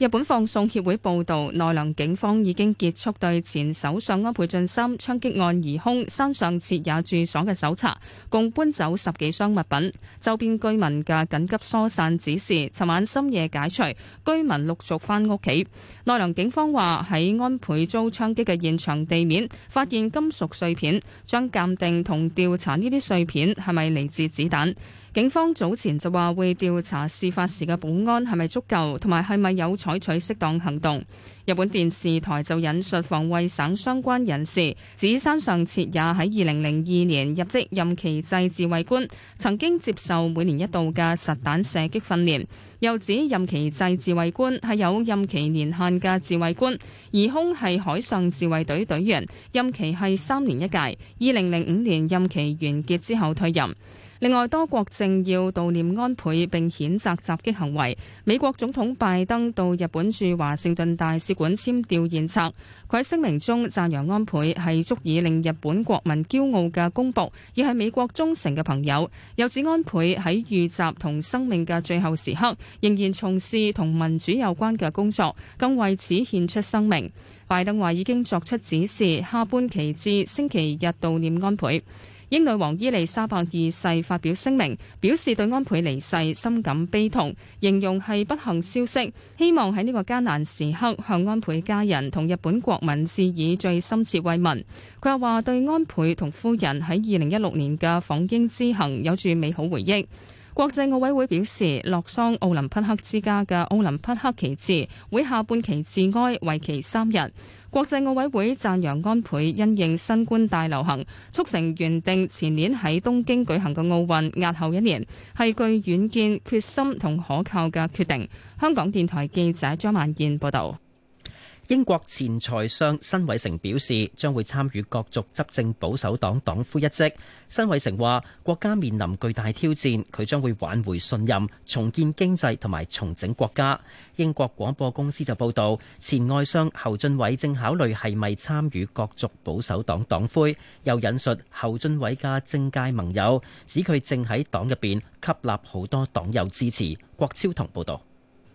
日本放送協會報導，奈良警方已經結束對前首相安倍晉三槍擊案疑兇山上徹也住所嘅搜查，共搬走十幾箱物品。周邊居民嘅緊急疏散指示，尋晚深夜解除，居民陸續翻屋企。奈良警方話喺安倍遭槍擊嘅現場地面發現金屬碎片，將鑑定同調查呢啲碎片係咪嚟自子彈。警方早前就話會調查事發時嘅保安係咪足夠，同埋係咪有採取適當行動。日本電視台就引述防衛省相關人士指，山上徹也喺二零零二年入職任期制自衛官，曾經接受每年一度嘅實彈射擊訓練。又指任期制自衛官係有任期年限嘅自衛官，疑兇係海上自衛隊隊，隊員，任期係三年一屆。二零零五年任期完結之後退任。另外，多國政要悼念安倍並譴責襲，襲擊行為。美國總統拜登到日本駐華盛頓大使館簽弔唁冊。佢喺聲明中讚揚安倍係足以令日本國民驕傲嘅公僕，亦係美國忠誠嘅朋友。又指安倍喺遇襲同生命嘅最後時刻，仍然從事同民主有關嘅工作，更為此獻出生命。拜登話已經作出指示，下半旗至星期日悼念安倍。英女王伊麗莎白二世發表聲明，表示對安倍離世深感悲痛，形容係不幸消息，希望喺呢個艱難時刻向安倍家人同日本國民致以最深切慰問。佢又話對安倍同夫人喺二零一六年嘅訪英之行有住美好回憶。國際奧委會表示，洛桑奧林匹克之家嘅奧林匹克旗幟會下半旗致哀，為期三日。國際奧委會讚揚安倍因應新冠大流行，促成原定前年喺東京舉行嘅奧運押後一年，係具遠見、決心同可靠嘅決定。香港電台記者張曼燕報導。英國前財相辛偉成表示，將會參與角逐執政保守黨黨魁一職。辛偉成話：國家面臨巨大挑戰，佢將會挽回信任、重建經濟同埋重整國家。英國廣播公司就報道，前外相侯俊偉正考慮係咪參與角逐保守黨黨魁，又引述侯俊偉嘅政界盟友指佢正喺黨入邊吸納好多黨友支持。郭超同報導。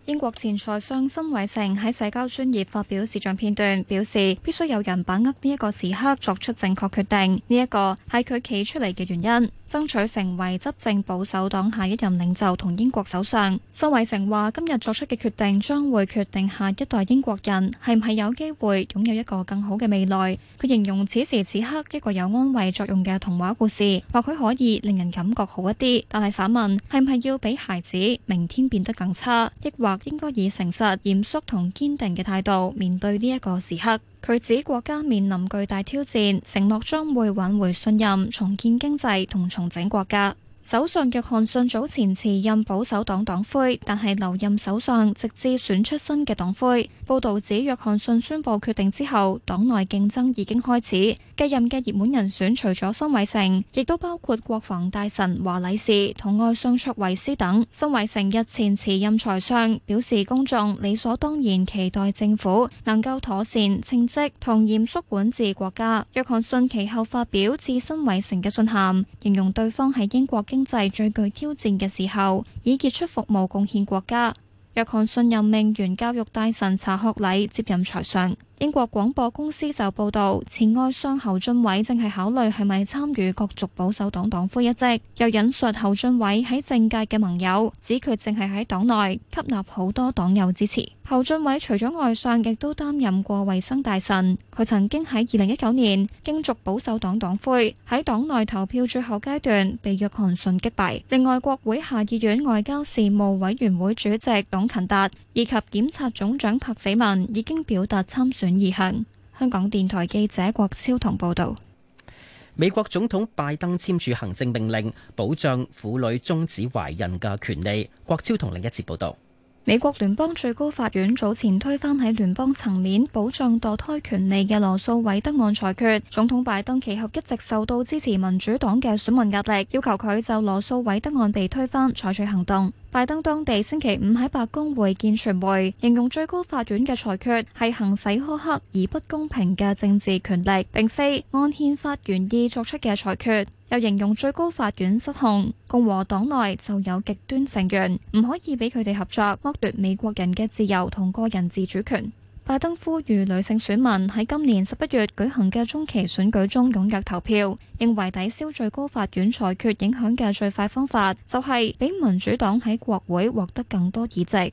英國前財相辛偉誠喺社交專業發表視像片段，表示必須有人把握呢一個時刻作出正確決定，呢、這、一個係佢企出嚟嘅原因。爭取成為執政保守黨下一任領袖同英國首相。辛偉誠話：今日作出嘅決定將會決定下一代英國人係唔係有機會擁有一個更好嘅未來。佢形容此時此刻一個有安慰作用嘅童話故事，話佢可以令人感覺好一啲。但係反問係唔係要俾孩子明天變得更差？抑或應該以誠實、嚴肅同堅定嘅態度面對呢一個時刻？佢指國家面臨巨大挑戰，承諾將會挽回信任、重建經濟同重整國家。首相約翰遜早前辭任保守黨黨魁，但係留任首相直至選出新嘅黨魁。報道指，約翰遜宣布決定之後，黨內競爭已經開始。繼任嘅熱門人選除咗辛偉成，亦都包括國防大臣華禮士同外相卓維斯等。辛偉成日前辭任財相，表示公眾理所當然期待政府能夠妥善稱職同嚴肅管治國家。約翰遜其後發表致辛偉成嘅信函，形容對方喺英國經濟最具挑戰嘅時候，以傑出服務貢獻國家。約翰遜任命原教育大臣查克禮接任財相。英國廣播公司就報導，前外相侯俊偉正係考慮係咪參與角逐保守黨黨魁一職。又引述侯俊偉喺政界嘅盟友，指佢正係喺黨內吸納好多黨友支持。侯俊偉除咗外相，亦都擔任過衞生大臣。佢曾經喺二零一九年競逐保守黨黨魁，喺黨內投票最後階段被約翰遜擊敗。另外，國會下議院外交事務委員會主席董勤達以及檢察總長柏斐文已經表達參選。轉移行。香港電台記者郭超同報道，美國總統拜登簽署行政命令，保障婦女終止懷孕嘅權利。郭超同另一節報道。美國聯邦最高法院早前推翻喺聯邦層面保障墮胎權利嘅羅素韋德案裁決，總統拜登其後一直受到支持民主黨嘅選民壓力，要求佢就羅素韋德案被推翻採取行動。拜登當地星期五喺白宮會見傳媒，形容最高法院嘅裁決係行使苛刻而不公平嘅政治權力，並非按憲法原意作出嘅裁決。又形容最高法院失控，共和黨內就有極端成員，唔可以俾佢哋合作，剝奪美國人嘅自由同個人自主權。拜登呼籲女性選民喺今年十一月舉行嘅中期選舉中踊躍投票，認為抵，抵消最高法院裁決影響嘅最快方法，就係俾民主黨喺國會獲得更多議席。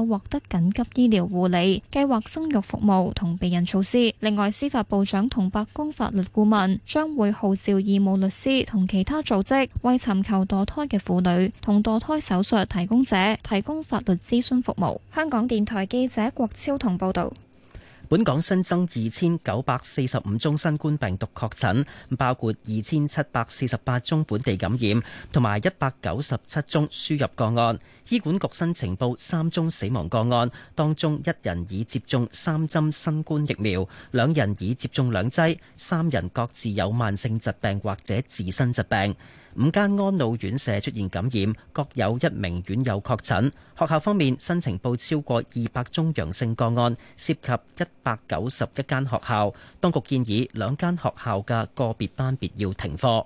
獲得緊急醫療護理、計劃生育服務同避孕措施。另外，司法部長同白宮法律顧問將會號召義務律師同其他組織，為尋求墮胎嘅婦女同墮胎手術提供者提供法律諮詢服務。香港電台記者郭超同報道。本港新增二千九百四十五宗新冠病毒確診，包括二千七百四十八宗本地感染，同埋一百九十七宗輸入個案。醫管局新呈報三宗死亡個案，當中一人已接種三針新冠疫苗，兩人已接種兩劑，三人各自有慢性疾病或者自身疾病。五間安老院舍出現感染，各有一名院友確診。學校方面，申請報超過二百宗陽性個案，涉及一百九十一間學校。當局建議兩間學校嘅個別班別要停課。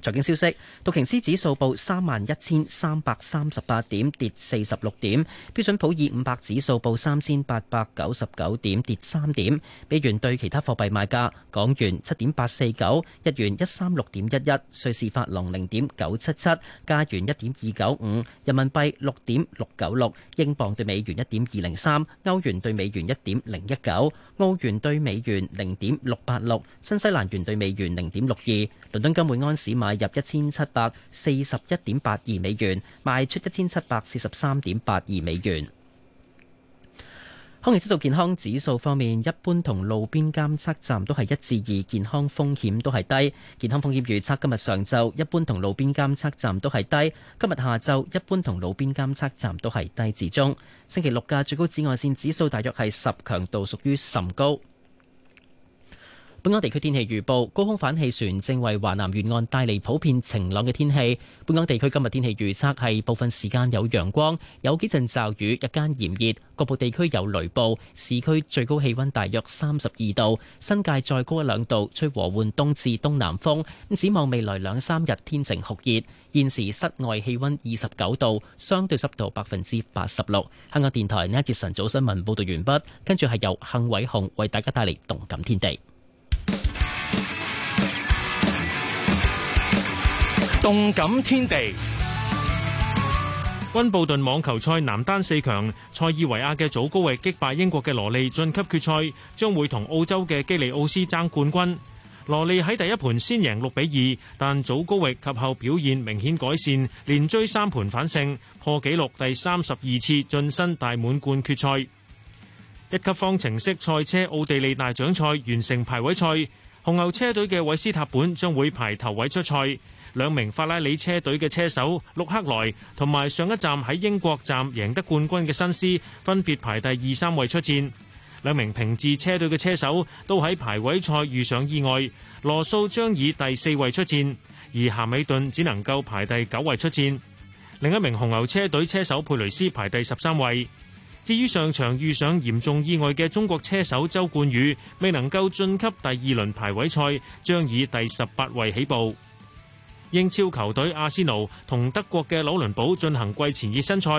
財經消息：道瓊斯指數報三萬一千三百三十八點，跌四十六點；標準普爾五百指數報三千八百九十九點，跌三點。美元對其他貨幣買價：港元七點八四九，日元一三六點一一，瑞士法郎零點九七七，加元一點二九五，人民幣六點六九六，英鎊對美元一點二零三，歐元對美元一點零一九，澳元對美元零點六八六，新西蘭元對美元零點六二。倫敦金每安士買，買入一千七百四十一點八二美元，賣出一千七百四十三點八二美元。空氣質素健康指數方面，一般同路邊監測站都係一至二，健康風險都係低。健康風險預測今日上晝一般同路邊監測站都係低，今日下晝一般同路邊監測站都係低至中。星期六嘅最高紫外線指數大約係十，強度屬於甚高。本港地區天氣預報，高空反氣旋，正為華南沿岸帶嚟普遍晴朗嘅天氣。本港地區今日天氣預測係部分時間有陽光，有幾陣驟雨。日間炎熱，局部地區有雷暴。市區最高氣溫大約三十二度，新界再高一兩度。吹和緩東至東南風。咁，展望未來兩三日天晴酷熱。現時室外氣溫二十九度，相對濕度百分之八十六。香港電台呢一節晨早新聞報道完畢，跟住係由幸偉雄為大家帶嚟動感天地。動感天地，溫布頓網球賽男單四強，塞爾維亞嘅祖高域擊敗英國嘅羅利晉級決賽，將會同澳洲嘅基利奧斯爭冠軍。羅利喺第一盤先贏六比二，但祖高域及後表現明顯改善，連追三盤反勝，破紀錄第三十二次晉身大滿貫決賽。一級方程式賽車奧地利大獎賽完成排位賽，紅牛車隊嘅韋斯塔本將會排頭位出賽。兩名法拉利車隊嘅車手，陸克萊同埋上一站喺英國站贏得冠軍嘅辛斯，分別排第二、三位出戰。兩名平治車隊嘅車手都喺排位賽遇上意外，羅素將以第四位出戰，而夏美頓只能夠排第九位出戰。另一名紅牛車隊車手佩雷斯排第十三位。至於上場遇上嚴重意外嘅中國車手周冠宇，未能夠晉級第二輪排位賽，將以第十八位起步。英超球隊阿仙奴同德國嘅紐倫堡進行季前熱身賽，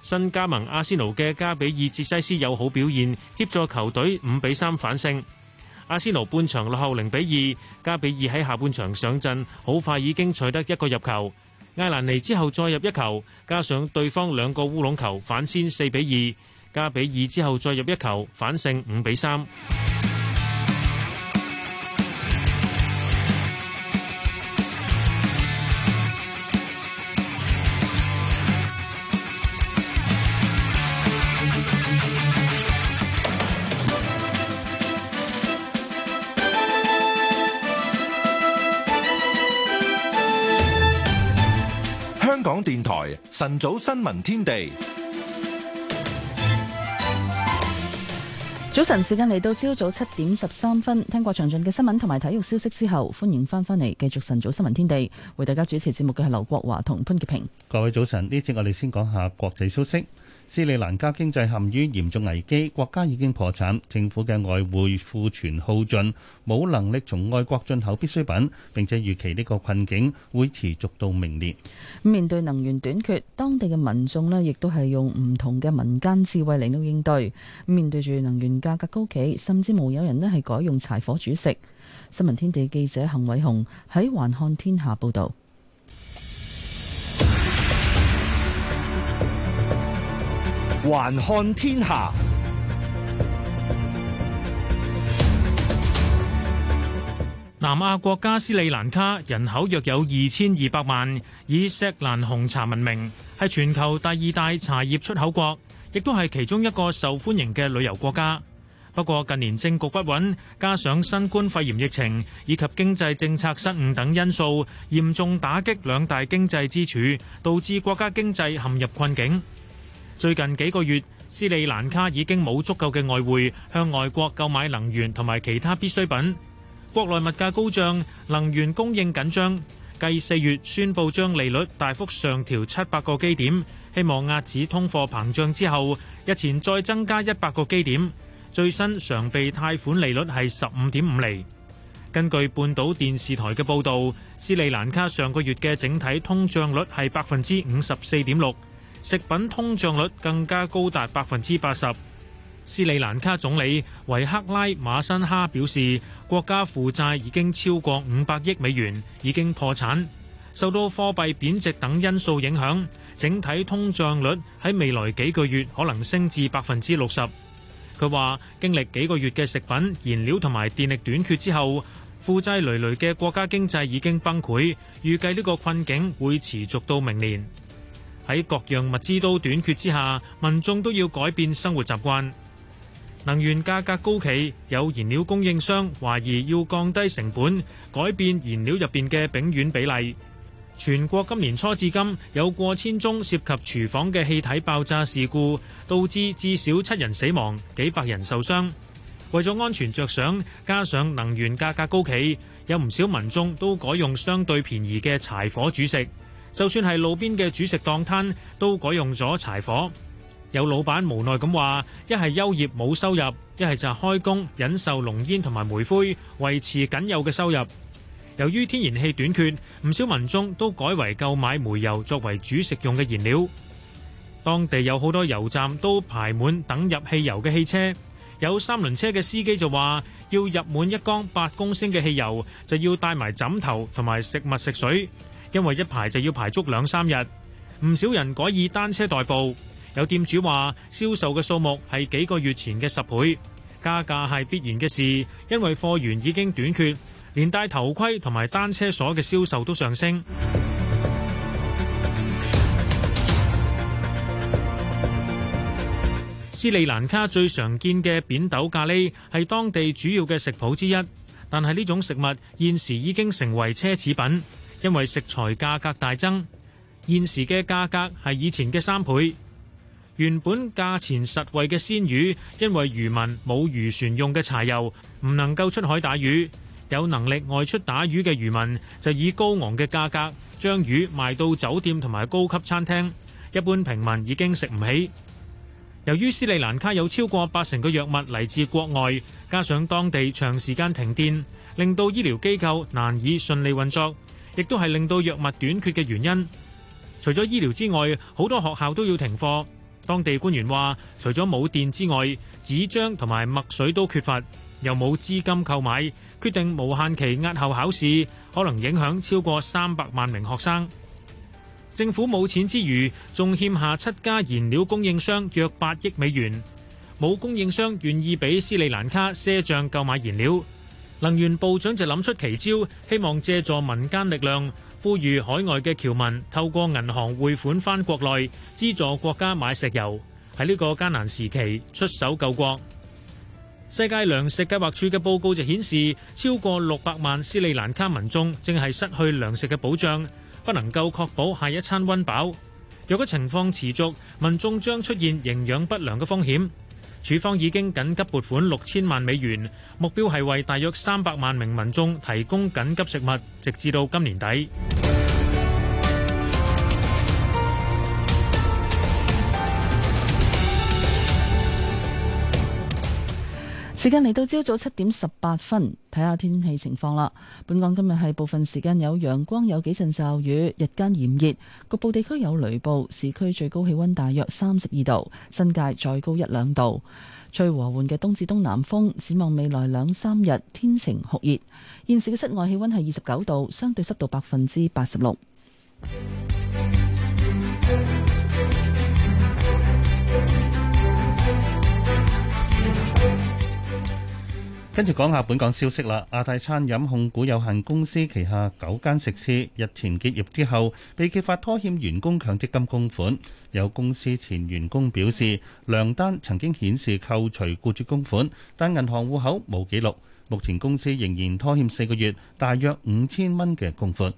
新加盟阿仙奴嘅加比爾捷西斯有好表現，協助球隊五比三反勝。阿仙奴半場落後零比二，加比爾喺下半場上陣，好快已經取得一個入球，艾蘭尼之後再入一球，加上對方兩個烏龍球，反先四比二。加比爾之後再入一球，反勝五比三。晨早新聞天地，早晨時間嚟到朝早七點十三分，聽過詳盡嘅新聞同埋體育消息之後，歡迎翻返嚟繼續晨早新聞天地，為大家主持節目嘅係劉國華同潘潔平。各位早晨，呢次我哋先講下國際消息。斯里蘭卡經濟陷於嚴重危機，國家已經破產，政府嘅外匯庫存耗盡，冇能力從外國進口必需品，並且預期呢個困境會持續到明年。面對能源短缺，當地嘅民眾呢亦都係用唔同嘅民間智慧嚟到應對。面對住能源價格高企，甚至冇有人呢係改用柴火煮食。新聞天地記者恆偉雄喺環漢天下報道。還看天下，南亞國家斯里蘭卡人口約有二千二百萬，以錫蘭紅茶聞名，係全球第二大茶葉出口國，亦都係其中一個受歡迎嘅旅遊國家。不過近年政局不穩，加上新冠肺炎疫情以及經濟政策失誤等因素，嚴重打擊兩大經濟支柱，導致國家經濟陷入困境。最近幾個月，斯里蘭卡已經冇足夠嘅外匯向外國購買能源同埋其他必需品，國內物價高漲，能源供應緊張，繼四月宣佈將利率大幅上調七百個基點，希望壓止通貨膨脹之後，日前再增加一百個基點。最新常備貸款利率係十五點五厘。根據半島電視台嘅報導，斯里蘭卡上個月嘅整體通脹率係百分之五十四點六。食品通脹率更加高達百分之八十。斯里蘭卡總理維克拉馬辛哈表示，國家負債已經超過五百億美元，已經破產。受到貨幣貶值等因素影響，整體通脹率喺未來幾個月可能升至百分之六十。佢話：經歷幾個月嘅食品、燃料同埋電力短缺之後，負債累累嘅國家經濟已經崩潰，預計呢個困境會持續到明年。喺各樣物資都短缺之下，民眾都要改變生活習慣。能源價格高企，有燃料供應商懷疑要降低成本，改變燃料入面嘅丙烷比例。全國今年初至今有過千宗涉及廚房嘅氣體爆炸事故，導致至少七人死亡、幾百人受傷。為咗安全着想，加上能源價格高企，有唔少民眾都改用相對便宜嘅柴火煮食。就算係路邊嘅主食檔攤都改用咗柴火，有老闆無奈咁話：一係休業冇收入，一係就開工忍受濃煙同埋煤灰，維持僅有嘅收入。由於天然氣短缺，唔少民眾都改為購買煤油作為主食用嘅燃料。當地有好多油站都排滿等入汽油嘅汽車，有三輪車嘅司機就話：要入滿一缸八公升嘅汽油，就要帶埋枕頭同埋食物食水。因為一排就要排足兩三日，唔少人改以單車代步。有店主話，銷售嘅數目係幾個月前嘅十倍，加價係必然嘅事，因為貨源已經短缺。連帶頭盔同埋單車鎖嘅銷售都上升。斯里蘭卡最常見嘅扁豆咖喱係當地主要嘅食譜之一，但係呢種食物現時已經成為奢侈品。因為食材價格大增，現時嘅價格係以前嘅三倍。原本價錢實惠嘅鮮魚，因為漁民冇漁船用嘅柴油，唔能夠出海打魚。有能力外出打魚嘅漁民就以高昂嘅價格將魚賣到酒店同埋高級餐廳。一般平民已經食唔起。由於斯里蘭卡有超過八成嘅藥物嚟自國外，加上當地長時間停電，令到醫療機構難以順利運作。亦都係令到藥物短缺嘅原因。除咗醫療之外，好多學校都要停課。當地官員話，除咗冇電之外，紙張同埋墨水都缺乏，又冇資金購買，決定無限期押後考試，可能影響超過三百萬名學生。政府冇錢之餘，仲欠下七家燃料供應商約八億美元，冇供應商願意俾斯里蘭卡賒賬購買燃料。能源部長就諗出奇招，希望借助民間力量，呼籲海外嘅僑民透過銀行匯款翻國內，資助國家買石油。喺呢個艱難時期，出手救國。世界糧食計劃署嘅報告就顯示，超過六百萬斯里蘭卡民眾正係失去糧食嘅保障，不能夠確保下一餐溫飽。若果情況持續，民眾將出現營養不良嘅風險。署方已經緊急撥款六千萬美元，目標係為大約三百萬名民眾提供緊急食物，直至到今年底。時間嚟到朝早七點十八分，睇下天氣情況啦。本港今日係部分時間有陽光，有幾陣驟雨，日間炎熱，局部地區有雷暴。市區最高氣溫大約三十二度，新界再高一兩度。吹和緩嘅東至東南風，展望未來兩三日天晴酷熱。現時嘅室外氣溫係二十九度，相對濕度百分之八十六。跟住講下本港消息啦。亞太餐飲控股有限公司旗下九間食肆日前結業之後，被揭發拖欠員工強積金供款。有公司前員工表示，糧單曾經顯示扣除僱主供款，但銀行戶口冇記錄。目前公司仍然拖欠四個月大約五千蚊嘅供款。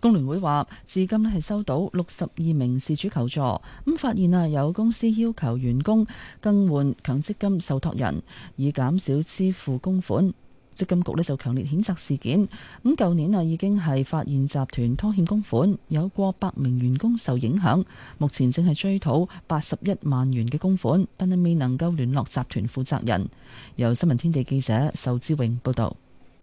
工聯會話，至今係收到六十二名事主求助，咁發現啊有公司要求員工更換強積金受託人，以減少支付供款。積金局咧就強烈譴責事件咁，舊年啊已經係發現集團拖欠公款，有過百名員工受影響，目前正係追討八十一萬元嘅公款，但係未能夠聯絡集團負責人。由新聞天地記者仇志榮報道。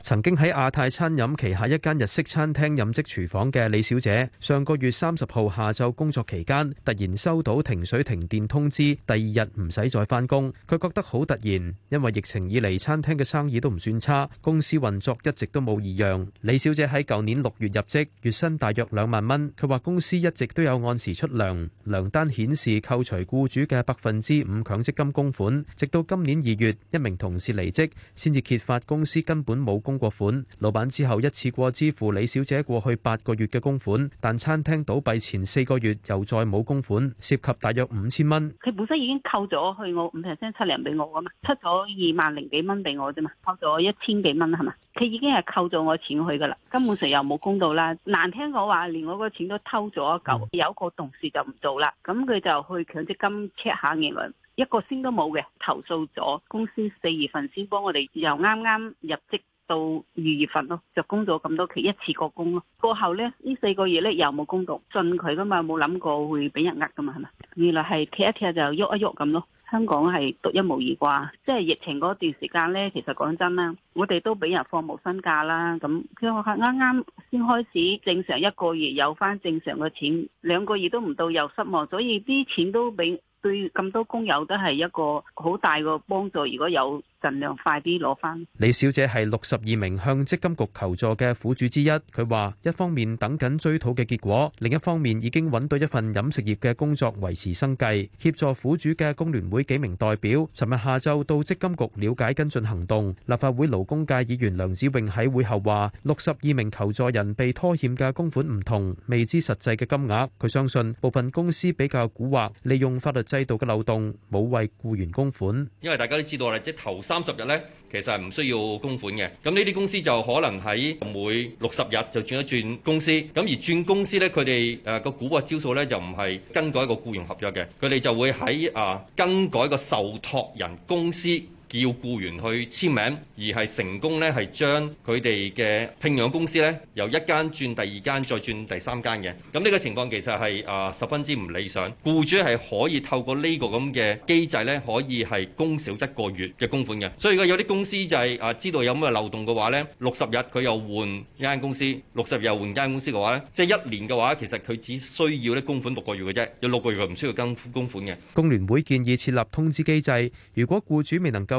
曾經喺亞太餐飲旗下一間日式餐廳任職廚房嘅李小姐，上個月三十號下晝工作期間，突然收到停水停電通知，第二日唔使再返工，佢覺得好突然，因為疫情以嚟餐廳嘅生意都唔算差，公司運作一直都冇異樣。李小姐喺舊年六月入職，月薪大約兩萬蚊，佢話公司一直都有按時出糧，糧單顯示扣除僱主嘅百分之五強積金供款，直到今年二月一名同事離職，先至揭發公司根本冇供過款，老闆之後一次過支付李小姐過去八個月嘅供款，但餐廳倒閉前四個月又再冇供款，涉及大約五千蚊。佢本身已經扣咗去我五成先出糧俾我噶嘛，出咗二萬零幾蚊俾我啫嘛，扣咗一千幾蚊係嘛？佢已經係扣咗我錢去噶啦，根本上又冇公道啦。難聽講話，連我個錢都偷咗一舊，有一個同事就唔做啦，咁佢就去強積金 check 下，原來一個先都冇嘅，投訴咗公司，四月份先幫我哋又啱啱入職到二月份咯，就供咗咁多期一次過供咯，過後咧呢四個月咧又冇工作，信佢噶嘛，冇諗過會俾人呃噶嘛，係咪？原來係踢一踢就喐一喐咁咯。香港係獨一無二啩，即係疫情嗰段時間咧，其實講真啦，我哋都俾人放冇薪假啦，咁，因為啱啱先開始正常一個月有翻正常嘅錢，兩個月都唔到又失望，所以啲錢都俾對咁多工友都係一個好大個幫助，如果有。儘量快啲攞翻。李小姐係六十二名向積金局求助嘅苦主之一，佢話：一方面等緊追討嘅結果，另一方面已經揾到一份飲食業嘅工作維持生計。協助苦主嘅工聯會幾名代表，尋日下晝到積金局了解跟進行動。立法會勞工界議員梁子穎喺會後話：六十二名求助人被拖欠嘅供款唔同，未知實際嘅金額。佢相信部分公司比較蠱惑，利用法律制度嘅漏洞，冇為僱員供款。因為大家都知道啦，即係投。三十日呢，其實係唔需要供款嘅。咁呢啲公司就可能喺每六十日就轉一轉公司。咁而轉公司呢，佢哋誒股票嘅招數呢，就唔係更改一個僱傭合約嘅，佢哋就會喺啊更改一個受託人公司。叫僱員去簽名，而係成功咧，係將佢哋嘅聘用公司咧，由一間轉第二間再轉第三間嘅。咁呢個情況其實，係、呃、啊十分之唔理想。僱主係可以透過這個這呢個咁嘅機制咧，可以係供少一個月嘅供款嘅。所以如果有啲公司就係、是、啊知道有咩漏洞嘅話咧，六十日佢又換一間公司，六十日又換一間公司嘅話咧，即、就、係、是、一年嘅話，其實，佢只需要咧供款六個月嘅啫，有六個月佢唔需要跟供款嘅。工聯會建議設立通知機制，如果僱主未能夠。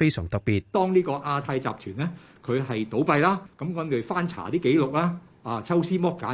非常特別。當呢個亞太集團呢，佢係倒閉啦，咁我哋翻查啲記錄啦，啊抽絲剝繭，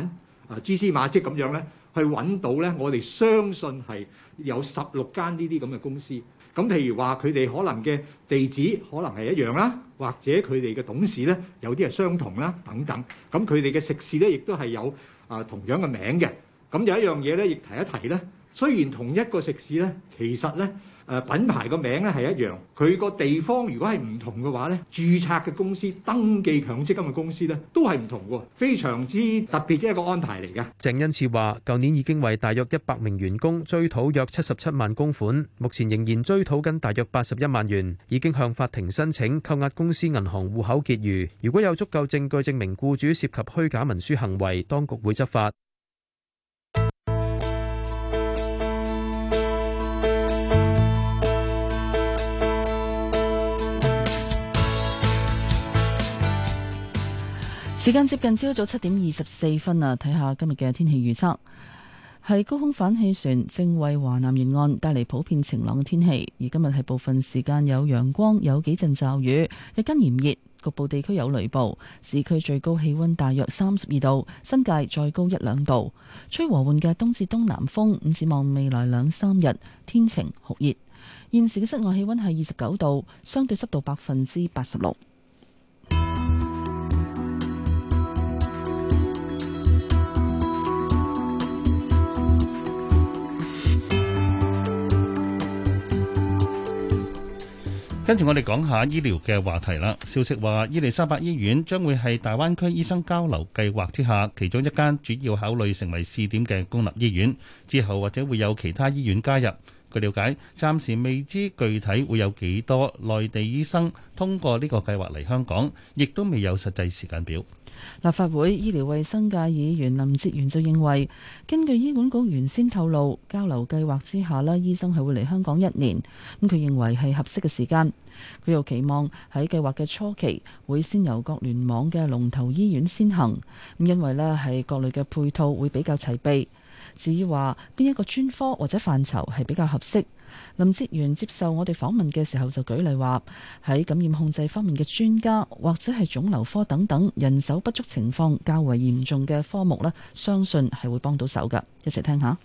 啊蛛絲馬跡咁樣呢，去揾到呢，我哋相信係有十六間呢啲咁嘅公司。咁譬如話，佢哋可能嘅地址可能係一樣啦，或者佢哋嘅董事呢有啲係相同啦，等等。咁佢哋嘅食肆呢，亦都係有啊同樣嘅名嘅。咁有一樣嘢呢，亦提一提呢。雖然同一個食肆呢，其實呢。誒品牌個名咧係一樣，佢個地方如果係唔同嘅話咧，註冊嘅公司、登記強積金嘅公司咧，都係唔同嘅，非常之特別嘅一個安排嚟㗎。鄭恩賜話，舊年已經為大約一百名員工追討約七十七萬公款，目前仍然追討緊大約八十一萬元，已經向法庭申請扣押公司銀行戶口結餘。如果有足夠證據證明雇主涉及虛假文書行為，當局會執法。時間接近朝早七點二十四分啊，睇下今日嘅天氣預測。係高空反氣旋正為華南沿岸帶嚟普遍晴朗嘅天氣，而今日係部分時間有陽光，有幾陣驟雨，日間炎熱，局部地區有雷暴。市區最高氣溫大約三十二度，新界再高一兩度。吹和緩嘅東至東南風，唔指望未來兩三日天晴酷熱。現時嘅室外氣溫係二十九度，相對濕度百分之八十六。跟住我哋講下醫療嘅話題啦。消息話，伊利沙伯醫院將會係大灣區醫生交流計劃之下，其中一間主要考慮成為試點嘅公立醫院，之後或者會有其他醫院加入。據了解，暫時未知具體會有幾多內地醫生通過呢個計劃嚟香港，亦都未有實際時間表。立法會醫療衛生界議員林哲玄就認為，根據醫管局原先透露，交流計劃之下啦，醫生係會嚟香港一年，咁佢認為係合適嘅時間。佢又期望喺計劃嘅初期，會先由各聯網嘅龍頭醫院先行，咁因為咧係各類嘅配套會比較齊備。至於話邊一個專科或者範疇係比較合適。林哲元接受我哋訪問嘅時候就舉例話喺感染控制方面嘅專家或者係腫瘤科等等人手不足情況較為嚴重嘅科目咧，相信係會幫到手噶。一齊聽下。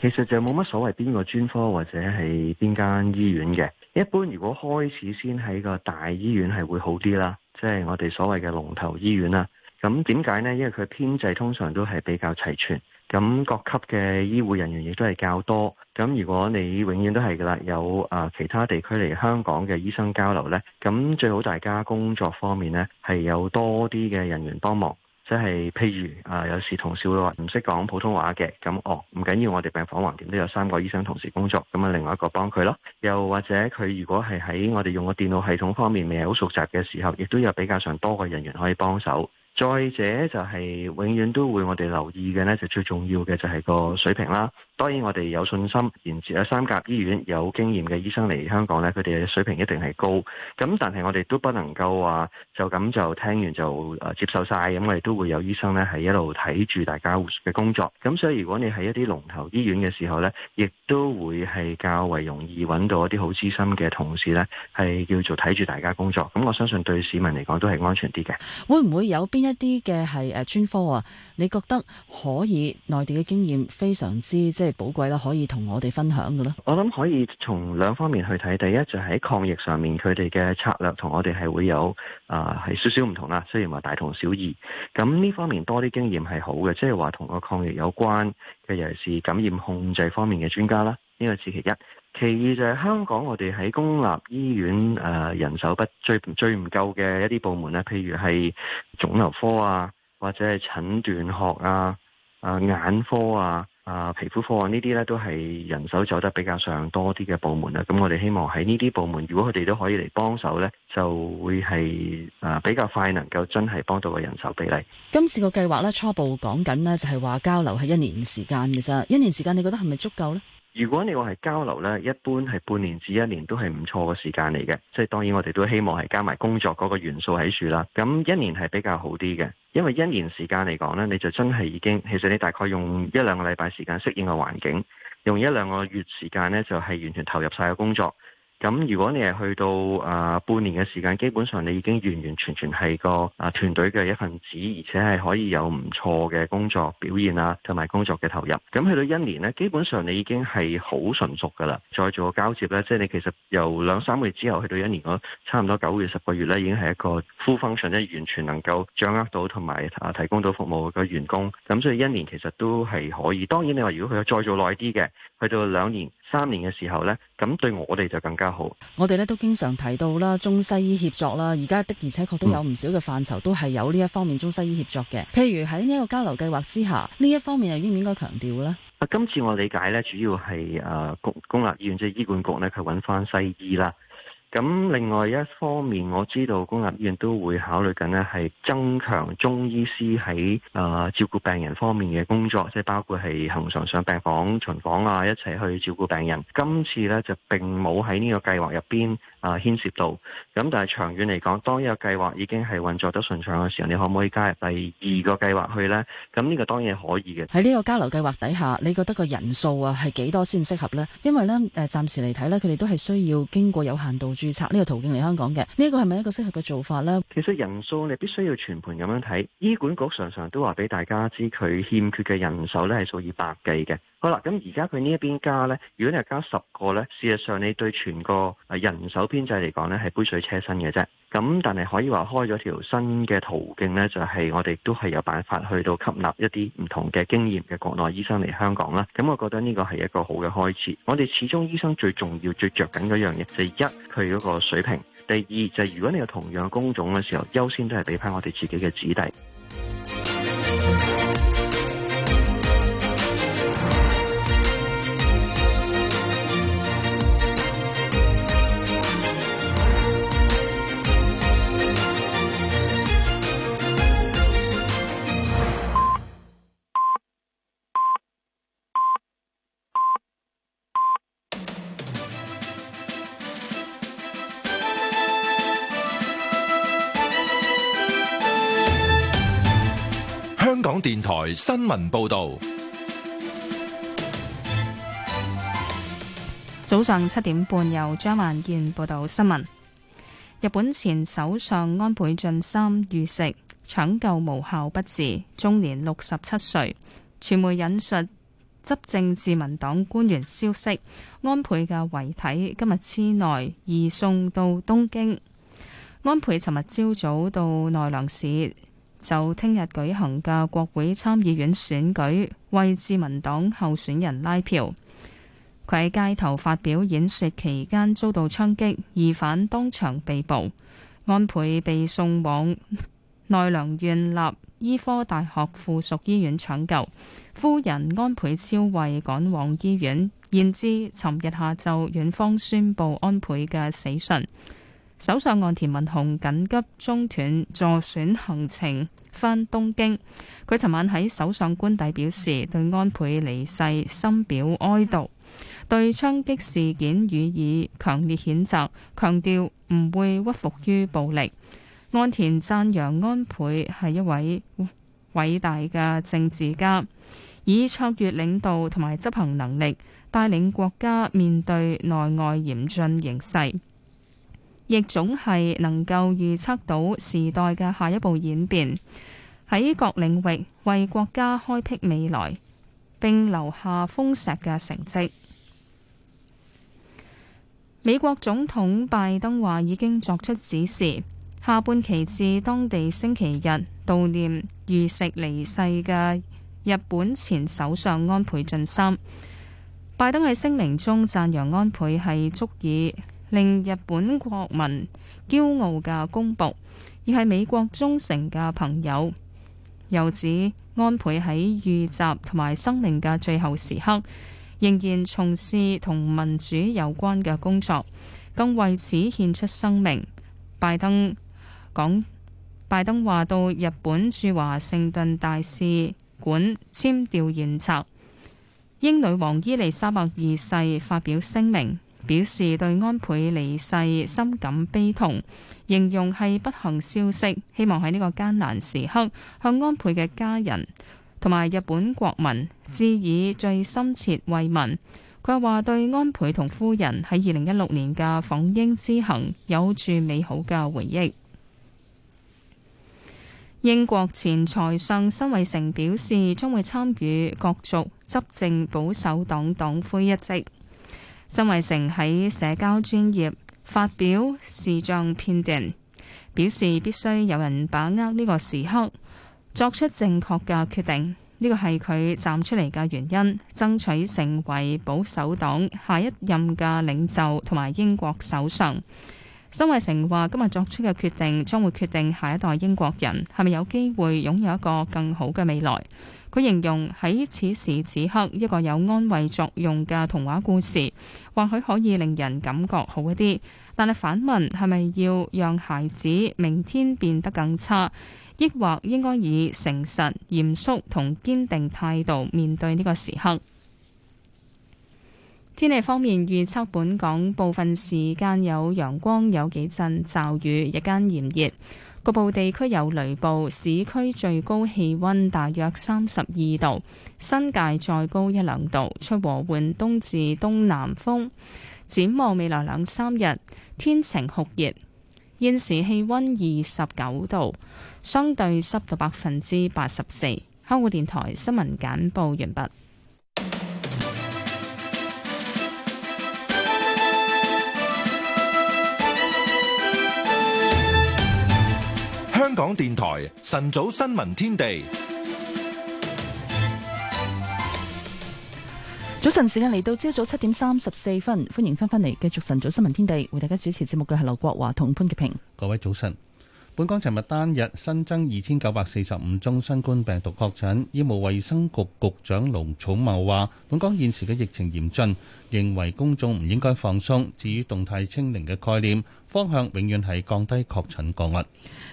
其實就冇乜所謂邊個專科或者係邊間醫院嘅。一般如果開始先喺個大醫院係會好啲啦，即係我哋所謂嘅龍頭醫院啦。咁點解呢？因為佢編制通常都係比較齊全，咁各級嘅醫護人員亦都係較多。咁如果你永遠都係噶啦，有啊、呃、其他地區嚟香港嘅醫生交流呢，咁最好大家工作方面呢係有多啲嘅人員幫忙，即係譬如啊、呃，有時同事會話唔識講普通話嘅，咁哦，唔緊要，我哋病房環境都有三個醫生同時工作，咁啊，另外一個幫佢咯。又或者佢如果係喺我哋用個電腦系統方面未係好熟習嘅時候，亦都有比較上多個人員可以幫手。再者就係、是、永遠都會我哋留意嘅呢，就最重要嘅就係個水平啦。當然，我哋有信心，連接啊三甲醫院有經驗嘅醫生嚟香港咧，佢哋嘅水平一定係高。咁但係我哋都不能夠話就咁就聽完就接受晒。咁我哋都會有醫生咧係一路睇住大家嘅工作。咁所以如果你喺一啲龍頭醫院嘅時候咧，亦都會係較為容易揾到一啲好資深嘅同事咧，係叫做睇住大家工作。咁我相信對市民嚟講都係安全啲嘅。會唔會有邊一啲嘅係誒專科啊？你覺得可以內地嘅經驗非常之正？即係寶貴啦，可以同我哋分享㗎啦。我諗可以從兩方面去睇，第一就喺抗疫上面，佢哋嘅策略同我哋係會有啊，係、呃、少少唔同啦。雖然話大同小異，咁呢方面多啲經驗係好嘅，即係話同個抗疫有關嘅，尤其是感染控制方面嘅專家啦。呢、這個是其一，其二就係香港我哋喺公立醫院誒、呃、人手不最最唔夠嘅一啲部門咧，譬如係腫瘤科啊，或者係診斷學啊，啊眼科啊。啊，皮膚科啊呢啲咧，都係人手走得比較上多啲嘅部門啦。咁我哋希望喺呢啲部門，如果佢哋都可以嚟幫手咧，就會係啊比較快能夠真係幫到個人手俾你。今次個計劃咧，初步講緊咧，就係話交流係一年時間嘅啫，一年時間你覺得係咪足夠咧？如果你話係交流呢，一般係半年至一年都係唔錯嘅時間嚟嘅。即係當然我哋都希望係加埋工作嗰個元素喺處啦。咁一年係比較好啲嘅，因為一年時間嚟講呢，你就真係已經，其實你大概用一兩個禮拜時間適應個環境，用一兩個月時間呢，就係完全投入晒個工作。咁如果你係去到誒、呃、半年嘅時間，基本上你已經完完全全係個啊團隊嘅一份子，而且係可以有唔錯嘅工作表現啊，同埋工作嘅投入。咁去到一年呢，基本上你已經係好純熟噶啦。再做個交接呢，即係你其實由兩三個月之後去到一年差唔多九月十個月呢，已經係一個 full function 即係完全能夠掌握到同埋啊提供到服務嘅員工。咁所以一年其實都係可以。當然你話如果佢有再做耐啲嘅，去到兩年。三年嘅時候呢，咁對我哋就更加好。我哋咧都經常提到啦，中西醫協作啦，而家的而且確都有唔少嘅範疇都係有呢一方面中西醫協作嘅。譬如喺呢一個交流計劃之下，呢一方面又應唔應該強調呢？啊，今次我理解呢，主要係誒公立醫院即係醫管局呢，係揾翻西醫啦。咁另外一方面，我知道公立醫院都會考慮緊呢，係增強中醫師喺啊、呃、照顧病人方面嘅工作，即係包括係恒常上病房巡房啊，一齊去照顧病人。今次呢，就並冇喺呢個計劃入邊。啊、呃，牽涉到咁，但係長遠嚟講，當一個計劃已經係運作得順暢嘅時候，你可唔可以加入第二個計劃去呢？咁、這、呢個當然可以嘅。喺呢個交流計劃底下，你覺得個人數啊係幾多先適合呢？因為呢，誒、呃，暫時嚟睇呢，佢哋都係需要經過有限度註冊呢個途徑嚟香港嘅。呢、這個、一個係咪一個適合嘅做法呢？其實人數你必須要全盤咁樣睇，醫管局常常都話俾大家知，佢欠缺嘅人手呢係數以百計嘅。好啦，咁而家佢呢一邊加呢？如果你係加十個呢，事實上你對全個人手編制嚟講呢，係杯水車薪嘅啫。咁但係可以話開咗條新嘅途徑呢，就係我哋都係有辦法去到吸納一啲唔同嘅經驗嘅國內醫生嚟香港啦。咁我覺得呢個係一個好嘅開始。我哋始終醫生最重要、最着緊嗰樣嘢就係一，佢嗰個水平，第二就係如果你有同樣工種嘅時候，優先都係俾翻我哋自己嘅子弟。電台新聞報道，早上七點半由張萬健報道新聞。日本前首相安倍晉三遇襲搶救無效不治，終年六十七歲。傳媒引述執政自民黨官員消息，安倍嘅遺體今日之內移送到東京。安倍尋日朝早到奈良市，就聽日舉行嘅國會參議院選舉，為自民黨候選人拉票，佢喺街頭發表演說期間遭到槍擊，疑犯當場被捕。安倍被送往奈良縣立醫科大學附屬醫院搶救，夫人安倍昭惠趕往醫院，現知尋日下晝院方宣布安倍嘅死訊。首相岸田文雄緊急中斷助選行程，返東京。佢尋晚喺首相官邸表示，對安倍離世深表哀悼，對槍擊事件予以強烈譴責，強調唔會屈服於暴力。岸田讚揚安倍係一位偉大嘅政治家，以卓越領導同埋執行能力，帶領國家面對內外嚴峻形勢。亦總係能夠預測到時代嘅下一步演變，喺各領域為國家開闢未來，並留下豐碩嘅成績。美國總統拜登話已經作出指示，下半旗至當地星期日悼念遇食離世嘅日本前首相安倍晉三。拜登喺聲明中讚揚安倍係足以，令日本國民驕傲嘅公僕，亦係美國忠誠嘅朋友。又指安倍喺遇襲同埋生命嘅最後時刻，仍然從事同民主有關嘅工作，更為此獻出生命。拜登講，拜登話到日本駐華盛頓大使館簽吊唁冊。英女王伊麗莎白二世發表聲明。表示對安倍離世深感悲痛，形容係不幸消息。希望喺呢個艱難時刻向安倍嘅家人同埋日本國民致以最深切慰問。佢又話對安倍同夫人喺二零一六年嘅訪英之行有住美好嘅回憶。英國前財相辛偉誠表示，將會參與角逐執政保守黨黨魁一職。辛偉誠喺社交專頁發表視像片段，表示必須有人把握呢個時刻作出正確嘅決定，呢個係佢站出嚟嘅原因，爭取成為保守黨下一任嘅領袖同埋英國首相。辛偉誠話：今日作出嘅決定將會決定下一代英國人係咪有機會擁有一個更好嘅未來。佢形容喺此時此刻一個有安慰作用嘅童話故事，或許可以令人感覺好一啲。但係反問，係咪要讓孩子明天變得更差？抑或應該以誠實、嚴肅同堅定態度面對呢個時刻？天氣方面預測，本港部分時間有陽光，有幾陣驟雨，日間炎熱。局部地區有雷暴，市區最高氣温大約三十二度，新界再高一兩度，吹和緩東至東南風。展望未來兩三日天晴酷熱，現時氣温二十九度，相對濕度百分之八十四。香港電台新聞簡報完畢。香港電台晨早新聞天地，早晨時間嚟到朝早七點三十四分，歡迎翻返嚟，繼續晨早新聞天地，為大家主持節目嘅係劉國華同潘潔平。各位早晨，本港尋日單日新增二千九百四十五宗新冠病毒確診，醫務衛生局局長盧寵茂話，本港現時嘅疫情嚴峻，認為公眾唔應該放鬆。至於動態清零嘅概念，方向永遠係降低確診個案。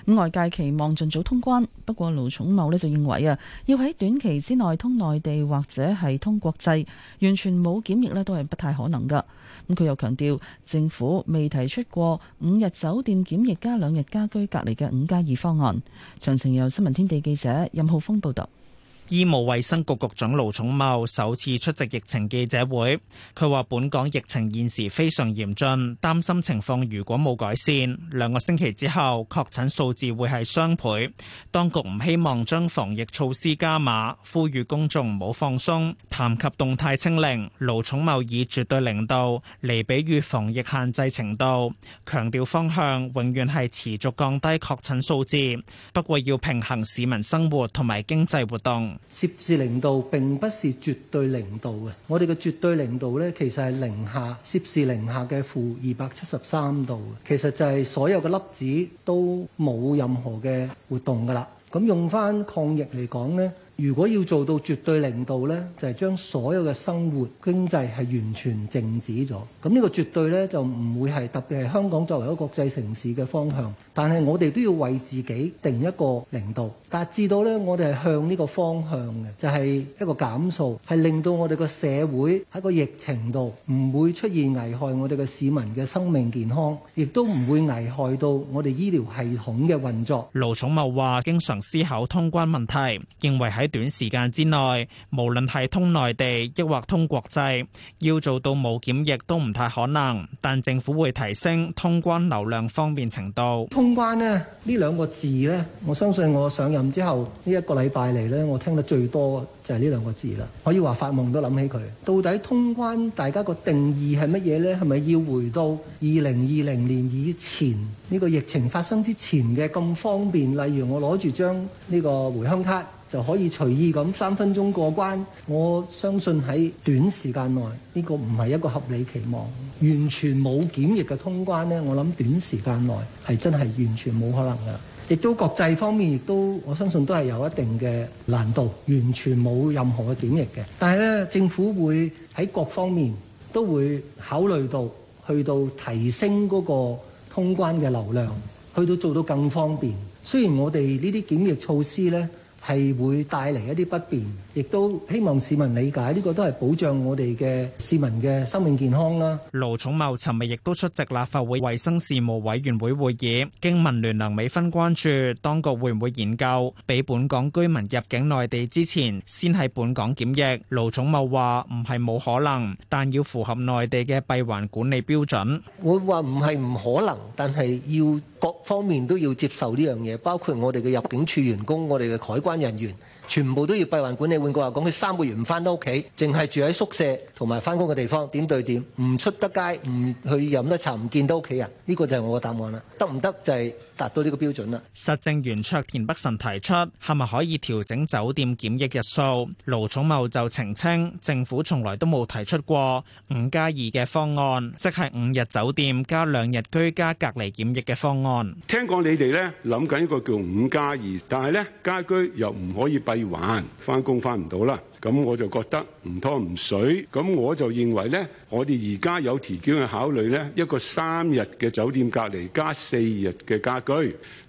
咁外界期望盡早通關，不過盧寵茂咧就認為啊，要喺短期之內通內地或者係通國際，完全冇檢疫咧都係不太可能噶。咁佢又強調，政府未提出過五日酒店檢疫加兩日家居隔離嘅五加二方案。詳情由新聞天地記者任浩峰報道。醫務衛生局局長盧寵茂首次出席疫情記者會，佢話：本港疫情現時非常嚴峻，擔心情況如果冇改善，兩個星期之後確診數字會係雙倍。當局唔希望將防疫措施加碼，呼籲公眾唔好放鬆。談及動態清零，盧寵茂以絕對零度嚟比喻防疫限制程度，強調方向永遠係持續降低確診數字，不過要平衡市民生活同埋經濟活動。攝氏零度並不是絕對零度嘅，我哋嘅絕對零度咧，其實係零下攝氏零下嘅負二百七十三度。其實就係所有嘅粒子都冇任何嘅活動噶啦。咁用翻抗疫嚟講咧，如果要做到絕對零度咧，就係將所有嘅生活經濟係完全靜止咗。咁呢個絕對咧就唔會係特別係香港作為一個國際城市嘅方向，但係我哋都要為自己定一個零度。但至到咧，我哋係向呢個方向嘅，就係一個減數，係令到我哋個社會喺個疫情度唔會出現危害我哋嘅市民嘅生命健康，亦都唔會危害到我哋醫療系統嘅運作。盧寵茂話經常思考通關問題，認為喺短時間之內，無論係通內地抑或通國際，要做到冇檢疫都唔太可能。但政府會提升通關流量方便程度。通關咧呢兩個字咧，我相信我上任。之後呢一、這個禮拜嚟呢，我聽得最多就係呢兩個字啦。可以話發夢都諗起佢。到底通關大家個定義係乜嘢呢？係咪要回到二零二零年以前呢、這個疫情發生之前嘅咁方便？例如我攞住張呢個回鄉卡就可以隨意咁三分鐘過關。我相信喺短時間內呢個唔係一個合理期望。完全冇檢疫嘅通關呢，我諗短時間內係真係完全冇可能噶。亦都國際方面，亦都我相信都係有一定嘅難度，完全冇任何嘅檢疫嘅。但係咧，政府會喺各方面都會考慮到，去到提升嗰個通關嘅流量，去到做到更方便。雖然我哋呢啲檢疫措施咧，係會帶嚟一啲不便。亦都希望市民理解，呢個都係保障我哋嘅市民嘅生命健康啦。盧寵茂尋日亦都出席立法會衞生事務委員會會議，經民聯梁美芬關注，當局會唔會研究，俾本港居民入境內地之前，先喺本港檢疫？盧寵茂話：唔係冇可能，但要符合內地嘅閉環管理標準。我會話唔係唔可能，但係要各方面都要接受呢樣嘢，包括我哋嘅入境處員工，我哋嘅海關人員。全部都要閉環管理，換句話講，佢三個月唔翻到屋企，淨係住喺宿舍同埋翻工嘅地方，點對點，唔出得街，唔去飲得茶，唔見到屋企人，呢個就係我嘅答案啦。得唔得就係達到呢個標準啦。實政圓桌田北辰提出，係咪可以調整酒店檢疫日數？盧寵茂就澄清，政府從來都冇提出過五加二嘅方案，即係五日酒店加兩日居家隔離檢疫嘅方案。聽講你哋咧諗緊一個叫五加二，但係咧家居又唔可以閉。玩翻工翻唔到啦，咁我就覺得唔湯唔水，咁我就認為呢，我哋而家有條件去考慮呢，一個三日嘅酒店隔離加四日嘅家居，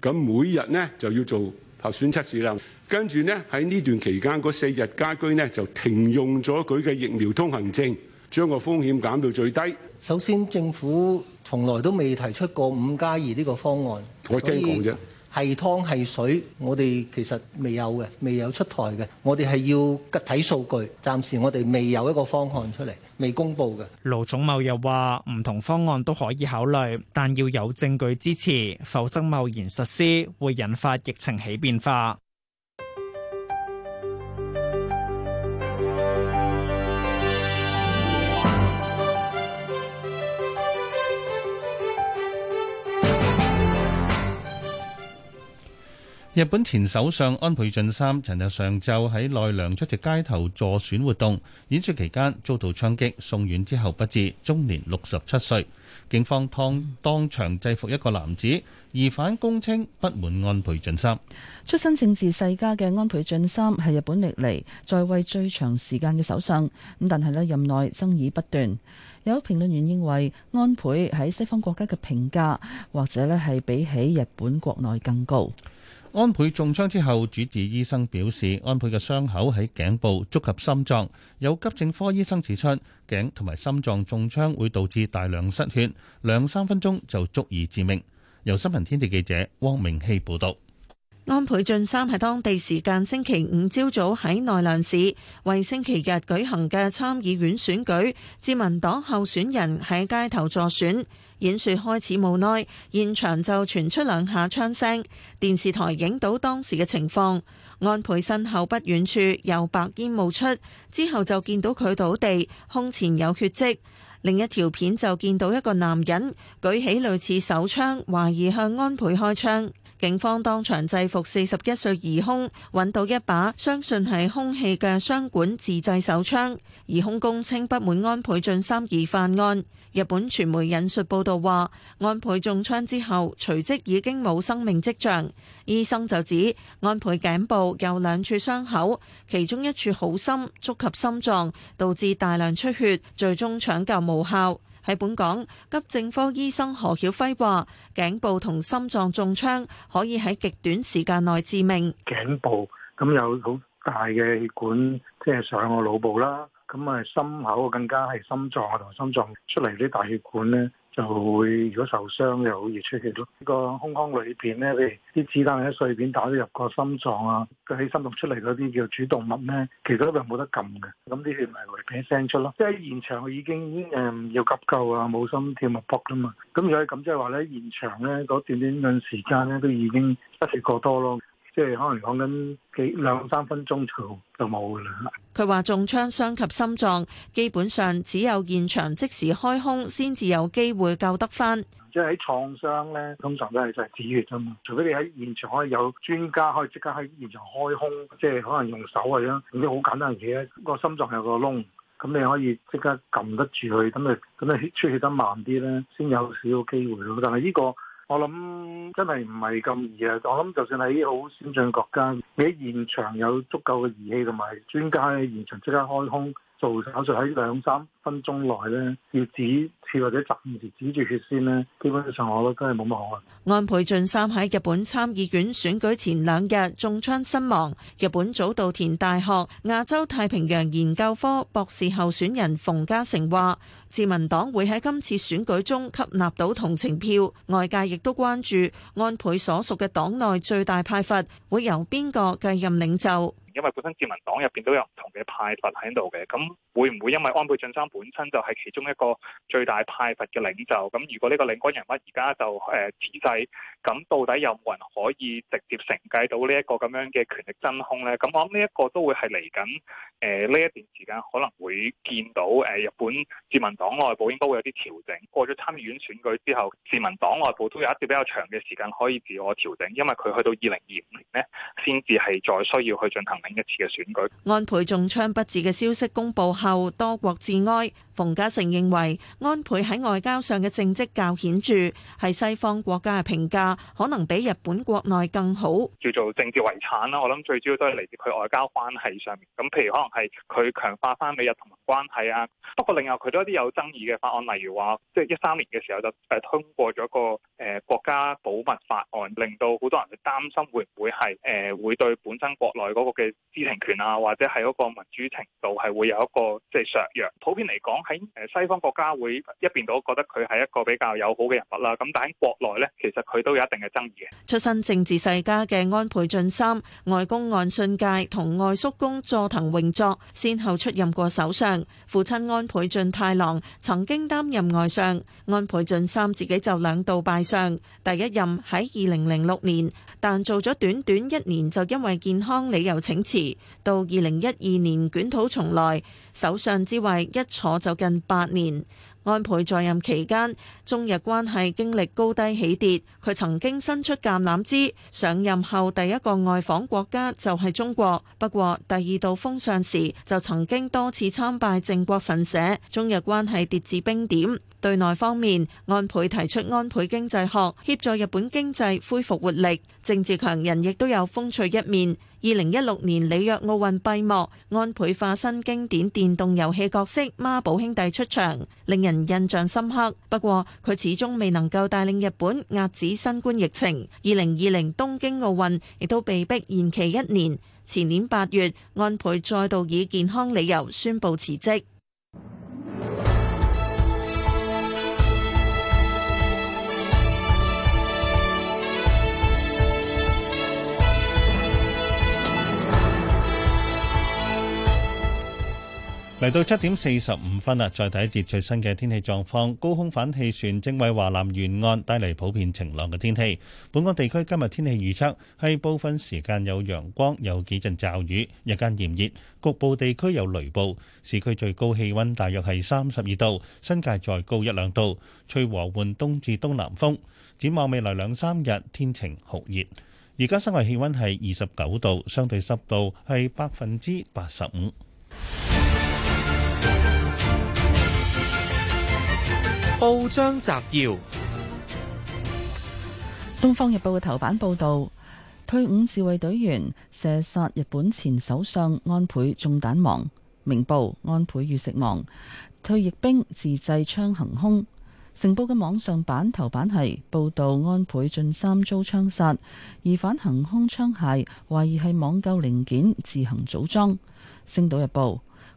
咁每日呢，就要做核酸測試啦，跟住呢，喺呢段期間嗰四日家居呢，就停用咗佢嘅疫苗通行證，將個風險減到最低。首先，政府從來都未提出過五加二呢個方案，我聽講啫。係湯係水，我哋其實未有嘅，未有出台嘅。我哋係要睇數據，暫時我哋未有一個方案出嚟，未公布嘅。盧寵茂又話：唔同方案都可以考慮，但要有證據支持，否則貿然實施會引發疫情起變化。日本前首相安倍晉三，尋日上晝喺奈良出席街頭助選活動，演說期間遭到槍擊，送院之後不治，終年六十七歲。警方當當場制服一個男子，疑犯供稱不滿安倍晉三。出身政治世家嘅安倍晉三係日本歷嚟在位最長時間嘅首相，咁但係咧任內爭議不斷。有評論員認為，安倍喺西方國家嘅評價，或者咧係比起日本國內更高。安倍中槍之後，主治醫生表示，安倍嘅傷口喺頸部，觸及心臟。有急症科醫生指出，頸同埋心臟中槍會導致大量失血，兩三分鐘就足以致命。由新聞天地記者汪明希報道。安倍晉三喺當地時間星期五朝早喺奈良市為星期日舉行嘅參議院選舉，自民黨候選人喺街頭助選。演説開始無奈，現場就傳出兩下槍聲。電視台影到當時嘅情況，安倍身後不遠處有白煙冒出，之後就見到佢倒地，胸前有血跡。另一條片就見到一個男人舉起類似手槍，懷疑向安倍開槍。警方當場制服四十一歲疑兇，揾到一把相信係空氣嘅槍管自製手槍。疑兇公稱不滿安倍進三議犯案。日本傳媒引述報導話，安倍中槍之後，隨即已經冇生命跡象。醫生就指，安倍頸部有兩處傷口，其中一處好深，觸及心臟，導致大量出血，最終搶救無效。喺本港，急症科醫生何曉輝話，頸部同心臟中槍可以喺極短時間內致命。頸部咁有好大嘅血管，即係上個腦部啦。咁啊，心口更加係心臟啊，同埋心臟出嚟啲大血管咧，就會如果受傷又好易出血咯。這個、呢個空腔裏邊咧，譬如啲子彈咧碎片打咗入個心臟啊，佢喺心臟出嚟嗰啲叫主動脈咧，其實都係冇得撳嘅，咁啲血咪會畀聲出咯。即係現場已經誒、呃、要急救啊，冇心跳脈搏啦嘛。咁如果咁即係話咧，現場咧嗰段短時間咧，都已經失血過多咯。即係可能講緊幾兩三分鐘就就冇噶啦。佢話中槍傷及心臟，基本上只有現場即時開胸，先至有機會救得翻。即係喺創傷咧，通常都係就係止血啫嘛。除非你喺現場可以有專家可以即刻喺現場開胸，即係可能用手啊樣咁啲好簡單嘅嘢咧。心臟個心臟有個窿，咁你可以即刻撳得住佢，咁啊咁啊，血出血得慢啲咧，先有少少機會咯。但係呢個。我諗真係唔係咁易啊！我諗就算喺好先進嘅國家，你喺現場有足夠嘅儀器同埋專家喺現場即刻開空。做手術喺兩三分鐘內呢，要止血或者暫時止住血先呢。基本上我覺得都係冇乜可能。安倍晉三喺日本參議院選舉前兩日中槍身亡。日本早稻田大學亞洲太平洋研究科博士候選人馮嘉誠話：自民黨會喺今次選舉中吸納到同情票。外界亦都關注安倍所屬嘅黨內最大派閥會由邊個繼任領袖。因為本身自民黨入邊都有唔同嘅派閥喺度嘅，咁會唔會因為安倍晉三本身就係其中一個最大派閥嘅領袖？咁如果呢個領軍人物而家就誒辭職，咁到底有冇人可以直接承繼到呢一個咁樣嘅權力真空呢？咁我諗呢一個都會係嚟緊誒呢一段時間可能會見到誒、呃、日本自民黨內部應該會有啲調整。過咗參議院選舉之後，自民黨內部都有一啲比較長嘅時間可以自我調整，因為佢去到二零二五年呢，先至係再需要去進行。一次嘅選舉，安倍中槍不治嘅消息公佈後，多國致哀。馮嘉誠認為，安倍喺外交上嘅政績較顯著，係西方國家嘅評價可能比日本國內更好。叫做政治遺產啦，我諗最主要都係嚟自佢外交關係上面。咁譬如可能係佢強化返美日同盟關係啊。不過另外佢都一啲有爭議嘅法案，例如話，即係一三年嘅時候就誒通過咗個誒國家保密法案，令到好多人去擔心會唔會係誒會對本身國內嗰個嘅。知情權啊，或者係嗰個民主程度係會有一個即係削弱。普遍嚟講，喺誒西方國家會一邊都覺得佢係一個比較友好嘅人物啦。咁但喺國內呢，其實佢都有一定嘅爭議嘅。出身政治世家嘅安倍晉三，外公岸信介同外叔公佐藤榮作先後出任過首相，父親安倍晉太郎曾經擔任外相。安倍晉三自己就兩度拜相，第一任喺二零零六年，但做咗短短一年就因為健康理由請。次到二零一二年捲土重來，首相之位一坐就近八年。安倍在任期間，中日關係經歷高低起跌。佢曾經伸出橄欖枝，上任後第一個外訪國家就係中國。不過第二度封相時，就曾經多次參拜靖國神社，中日關係跌至冰點。對內方面，安倍提出安倍經濟學，協助日本經濟恢復活力。政治強人亦都有風趣一面。二零一六年里約奧運閉幕，安倍化身經典電動遊戲角色孖寶兄弟出場，令人印象深刻。不過，佢始終未能夠帶領日本壓止新冠疫情。二零二零東京奧運亦都被迫延期一年。前年八月，安倍再度以健康理由宣布辭職。嚟到七點四十五分啦，再睇一節最新嘅天氣狀況。高空反氣旋正為華南沿岸帶嚟普遍晴朗嘅天氣。本港地區今日天氣預測係部分時間有陽光，有幾陣驟雨，日間炎熱，局部地區有雷暴。市區最高氣温大約係三十二度，新界再高一兩度。吹和緩東至東南風。展望未來兩三日天晴酷熱。而家室外氣温係二十九度，相對濕度係百分之八十五。報章摘要：《東方日報》嘅頭版報道，退伍自衛隊員射殺日本前首相安倍中彈亡。明報：安倍遇刺亡。退役兵自製槍行凶。成報嘅網上版頭版係報道安倍晉三遭槍殺，疑犯行凶槍械，懷疑係網購零件自行組裝。《星島日報》：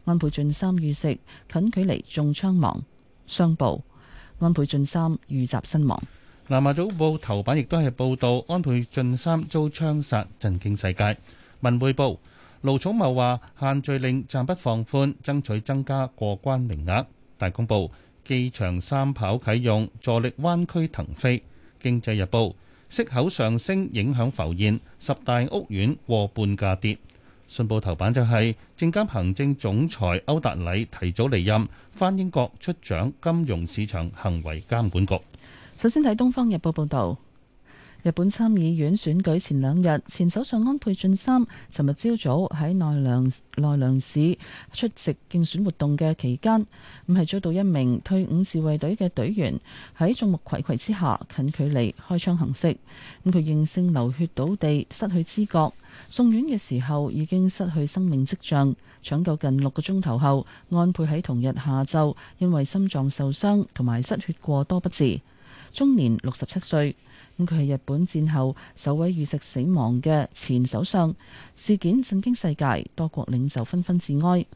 安倍晉三遇刺，近距離中槍亡。商報。安倍晉三遇襲身亡。南華早報頭版亦都係報道安倍晉三遭槍殺，震驚世界。文匯報盧寵茂話限聚令暫不放寬，爭取增加過關名額。大公報機場三跑啟用，助力灣區騰飛。經濟日報息口上升影響浮現，十大屋苑或半價跌。信報頭版就係證監行政總裁歐達禮提早離任，返英國出掌金融市場行為監管局。首先睇《東方日報》報導。日本參議院選舉前兩日，前首相安倍晉三尋日朝早喺奈良奈良市出席競選活動嘅期間，唔係遭到一名退伍自衛隊嘅隊員喺眾目睽睽之下近距離開槍行刺，咁佢應聲流血倒地，失去知覺，送院嘅時候已經失去生命跡象，搶救近六個鐘頭後，安倍喺同日下晝因為心臟受傷同埋失血過多不治，終年六十七歲。咁佢係日本戰後首位遇襲死亡嘅前首相，事件震驚世界，多國領袖紛紛致哀。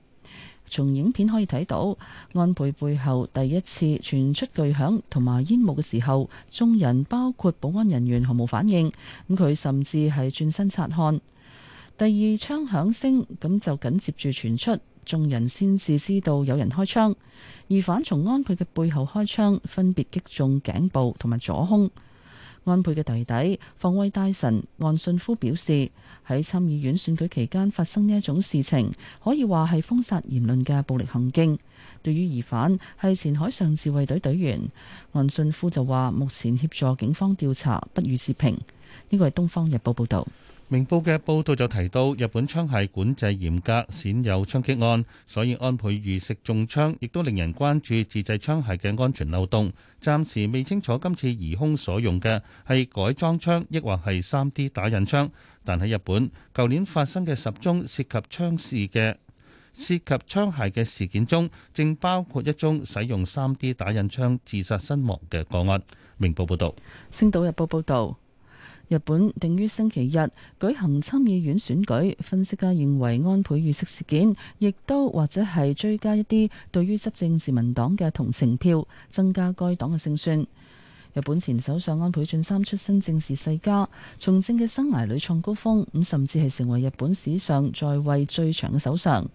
從影片可以睇到，安倍背後第一次傳出巨響同埋煙霧嘅時候，眾人包括保安人員毫無反應。咁佢甚至係轉身察看。第二槍響聲咁就緊接住傳出，眾人先至知道有人開槍，疑犯從安倍嘅背後開槍，分別擊中頸部同埋左胸。安倍嘅弟弟防衛大臣岸信夫表示，喺參議院選舉期間發生呢一種事情，可以話係封殺言論嘅暴力行徑。對於疑犯係前海上自衛隊隊員，岸信夫就話目前協助警方調查，不予置評。呢個係《東方日報》報道。明報嘅報道就提到，日本槍械管制嚴格，鮮有槍擊案，所以安倍遇食中槍，亦都令人關注自製槍械嘅安全漏洞。暫時未清楚今次疑兇所用嘅係改裝槍，亦或係三 D 打印槍。但喺日本，舊年發生嘅十宗涉及槍事嘅涉及槍械嘅事件中，正包括一宗使用三 D 打印槍自殺身亡嘅個案。明報報導，《星島日報，報道》報導。日本定於星期日舉行參議院選舉，分析家認為安倍遇刺事件亦都或者係追加一啲對於執政自民黨嘅同情票，增加該黨嘅勝算。日本前首相安倍晉三出身政治世家，從政嘅生涯屢創高峰，咁甚至係成為日本史上在位最長嘅首相。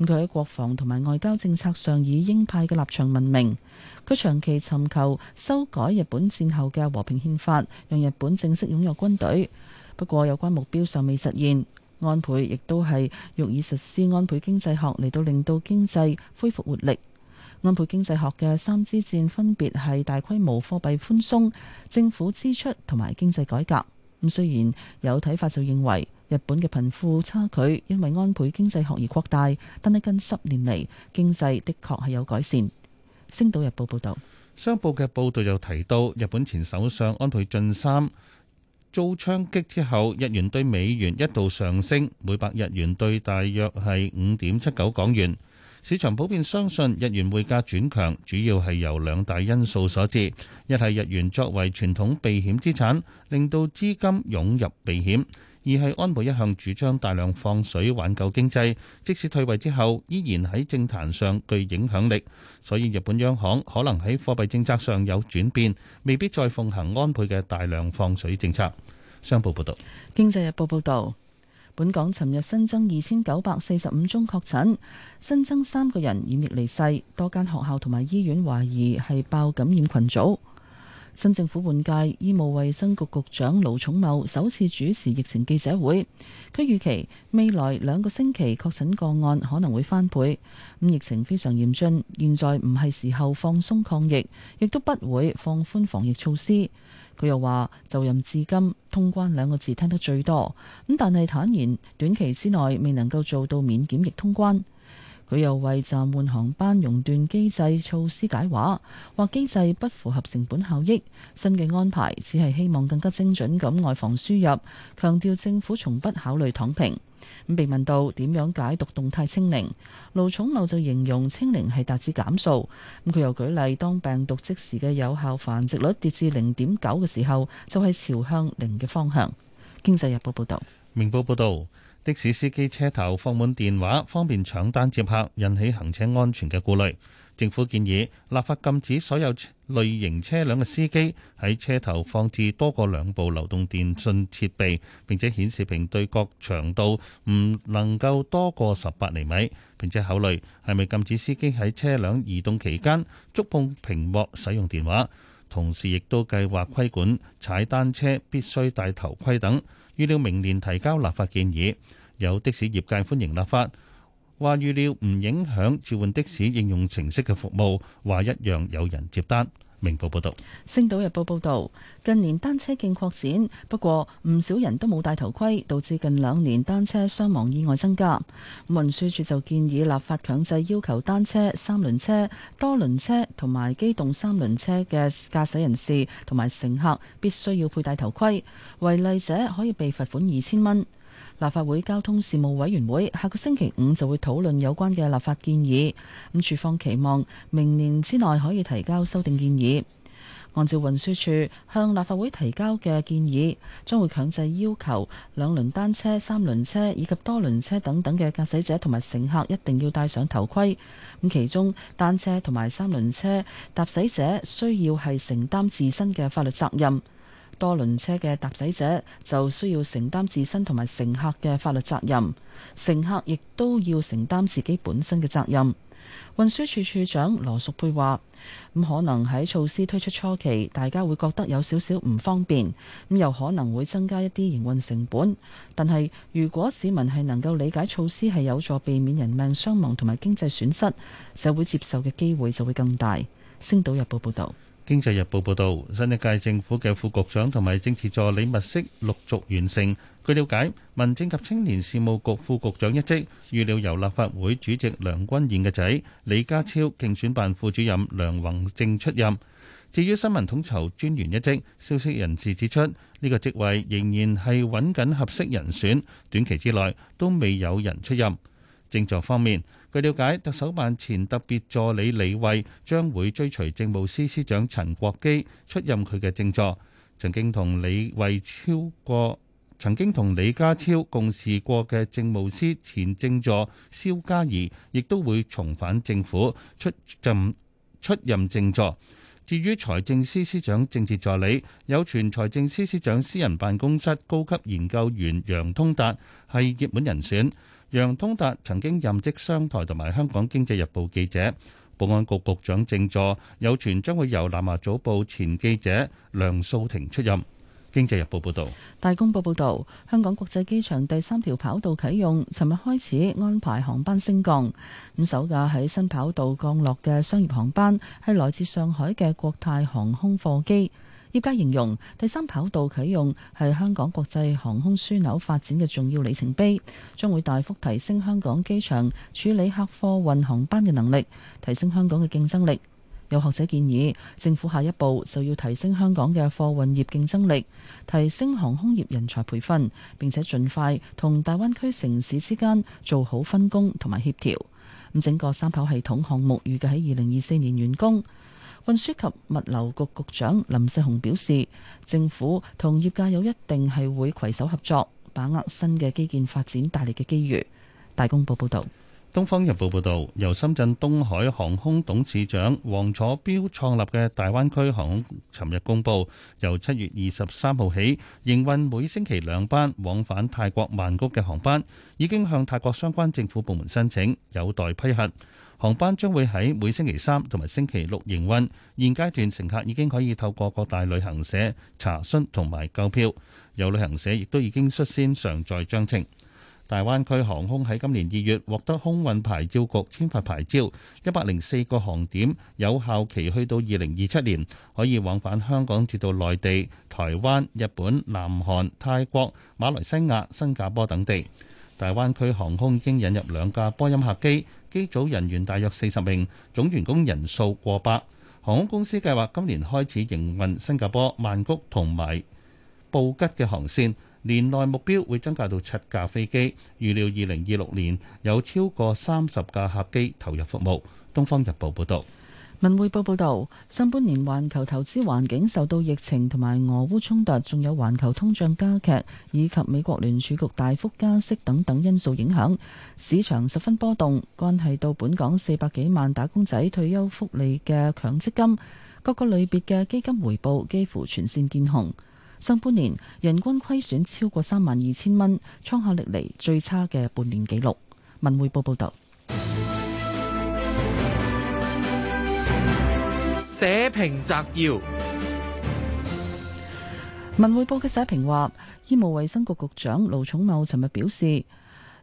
咁佢喺國防同埋外交政策上以鷹派嘅立場聞名。佢長期尋求修改日本戰後嘅和平憲法，讓日本正式擁有軍隊。不過有關目標尚未實現，安倍亦都係欲以實施安倍經濟學嚟到令到經濟恢復活力。安倍經濟學嘅三支箭分別係大規模貨幣寬鬆、政府支出同埋經濟改革。咁雖然有睇法就認為日本嘅貧富差距因為安倍經濟學而擴大，但係近十年嚟經濟的確係有改善。星島日報報道，商報嘅報導又提到，日本前首相安倍晉三遭槍擊之後，日元兌美元一度上升，每百日元兌大約係五點七九港元。市場普遍相信日元匯價轉強，主要係由兩大因素所致：一係日元作為傳統避險資產，令到資金湧入避險；二係安倍一向主張大量放水挽救經濟，即使退位之後，依然喺政壇上具影響力。所以日本央行可能喺貨幣政策上有轉變，未必再奉行安倍嘅大量放水政策。商報報道，《經濟日報》報道。本港尋日新增二千九百四十五宗確診，新增三個人染疫離世。多間學校同埋醫院懷疑係爆感染群組。新政府換屆，醫務衛生局局長盧寵茂首次主持疫情記者會。佢預期未來兩個星期確診個案可能會翻倍。咁疫情非常嚴峻，現在唔係時候放鬆抗疫，亦都不會放寬防疫措施。佢又話就任至今，通關兩個字聽得最多。咁但係坦言，短期之內未能夠做到免檢疫通關。佢又為暫緩航班熔斷機制措施解話，話機制不符合成本效益。新嘅安排只係希望更加精準咁外防輸入，強調政府從不考慮躺平。被問到點樣解讀動態清零，盧寵茂就形容清零係達至減數。咁佢又舉例，當病毒即時嘅有效繁殖率跌至零點九嘅時候，就係朝向零嘅方向。經濟日報報道。明報報道，的士司機車頭放滿電話，方便搶單接客，引起行車安全嘅顧慮。政府建議立法禁止所有類型車輛嘅司機喺車頭放置多過兩部流動電訊設備，並且顯示屏對角長度唔能夠多過十八厘米。並且考慮係咪禁止司機喺車輛移動期間觸碰屏幕使用電話。同時亦都計劃規管踩單車必須戴頭盔等。預料明年提交立法建議，有的士業界歡迎立法。話預料唔影響召喚的士應用程式嘅服務，話一樣有人接單。明報報道，星島日報報道，近年單車徑擴展，不過唔少人都冇戴頭盔，導致近兩年單車傷亡意外增加。運輸署就建議立法強制要求單車、三輪車、多輪車同埋機動三輪車嘅駕駛人士同埋乘客必須要佩戴頭盔，違例者可以被罰款二千蚊。立法會交通事務委員會下個星期五就會討論有關嘅立法建議，咁處方期望明年之內可以提交修訂建議。按照運輸處向立法會提交嘅建議，將會強制要求兩輪單車、三輪車以及多輪車等等嘅駕駛者同埋乘客一定要戴上頭盔。咁其中單車同埋三輪車駕駛者需要係承擔自身嘅法律責任。多輪車嘅搭仔者就需要承擔自身同埋乘客嘅法律責任，乘客亦都要承擔自己本身嘅責任。運輸署署長羅淑佩話：咁、嗯、可能喺措施推出初期，大家會覺得有少少唔方便，咁、嗯、又可能會增加一啲營運成本。但係如果市民係能夠理解措施係有助避免人命傷亡同埋經濟損失，社會接受嘅機會就會更大。星島日報報導。經濟日報報導，新一屆政府嘅副局長同埋政治助理物色陸續完成。據了解，民政及青年事務局副局長一職，預料由立法會主席梁君彥嘅仔李家超競選辦副主任梁宏正出任。至於新聞統籌專員一職，消息人士指出，呢個職位仍然係揾緊合適人選，短期之內都未有人出任。政助方面。據了解，特首辦前特別助理李慧將會追隨政務司司長陳國基出任佢嘅政助。曾經同李慧超過曾經同李家超共事過嘅政務司前政助蕭嘉怡，亦都會重返政府出任出任政助。至於財政司司司長政治助理，有傳財政司司長私人辦公室高級研究員楊通達係熱門人選。楊通達曾經任職商台同埋香港經濟日報記者，保安局局長正座有傳將會由南華早報前記者梁素婷出任。經濟日報報道，大公報報道，香港國際機場第三條跑道啟用，尋日開始安排航班升降。咁首架喺新跑道降落嘅商業航班係來自上海嘅國泰航空貨機。專家形容第三跑道啟用係香港國際航空樞紐發展嘅重要里程碑，將會大幅提升香港機場處理客貨運航班嘅能力，提升香港嘅競爭力。有學者建議，政府下一步就要提升香港嘅貨運業競爭力，提升航空業人才培訓，並且盡快同大灣區城市之間做好分工同埋協調。咁整個三跑系統項目預計喺二零二四年完工。運輸及物流局局長林世雄表示，政府同業界有一定係會攜手合作，把握新嘅基建發展帶來嘅機遇。大公報報道，《東方日報》報道，由深圳東海航空董事長黃楚標創立嘅大灣區航空，尋日公布，由七月二十三號起營運每星期兩班往返泰國曼谷嘅航班，已經向泰國相關政府部門申請，有待批核。航班將會喺每星期三同埋星期六營運。現階段乘客已經可以透過各大旅行社查詢同埋購票。有旅行社亦都已經率先上載章程。大灣區航空喺今年二月獲得空運牌照局簽發牌照，一百零四個航點，有效期去到二零二七年，可以往返香港至到內地、台灣、日本、南韓、泰國、馬來西亞、新加坡等地。大灣區航空已經引入兩架波音客機。機組人員大約四十名，總員工人數過百。航空公司計劃今年開始營運新加坡、曼谷同埋布吉嘅航線，年內目標會增加到七架飛機。預料二零二六年有超過三十架客機投入服務。《東方日報》報道。文匯報報道，上半年環球投資環境受到疫情同埋俄烏衝突，仲有環球通脹加劇以及美國聯儲局大幅加息等等因素影響，市場十分波動。關係到本港四百幾萬打工仔退休福利嘅強積金，各個類別嘅基金回報幾乎全線見紅。上半年人均虧損超過三萬二千蚊，創下歷嚟最差嘅半年紀錄。文匯報報道。社評摘要：文匯報嘅社評話，醫務衛生局局長盧寵茂尋日表示，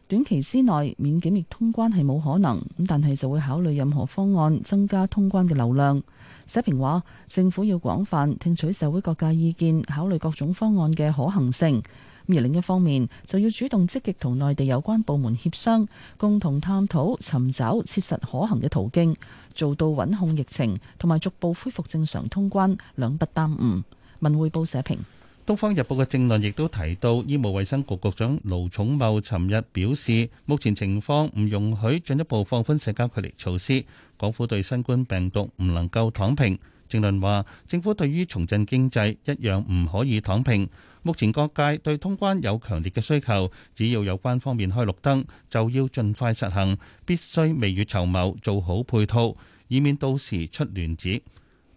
短期之內免檢疫通關係冇可能，咁但係就會考慮任何方案，增加通關嘅流量。社評話，政府要廣泛聽取社會各界意見，考慮各種方案嘅可行性。而另一方面，就要主動積極同內地有關部門協商，共同探討尋找切實可行嘅途徑，做到穩控疫情同埋逐步恢復正常通關兩不耽誤。文匯報社評。《東方日報》嘅政論亦都提到，醫務衛生局局長盧寵茂尋日表示，目前情況唔容許進一步放寬社交距離措施，港府對新冠病毒唔能夠躺平。政論話，政府對於重振經濟一樣唔可以躺平。目前各界對通關有強烈嘅需求，只要有關方面開綠燈，就要盡快實行。必須未雨綢繆，做好配套，以免到時出亂子。《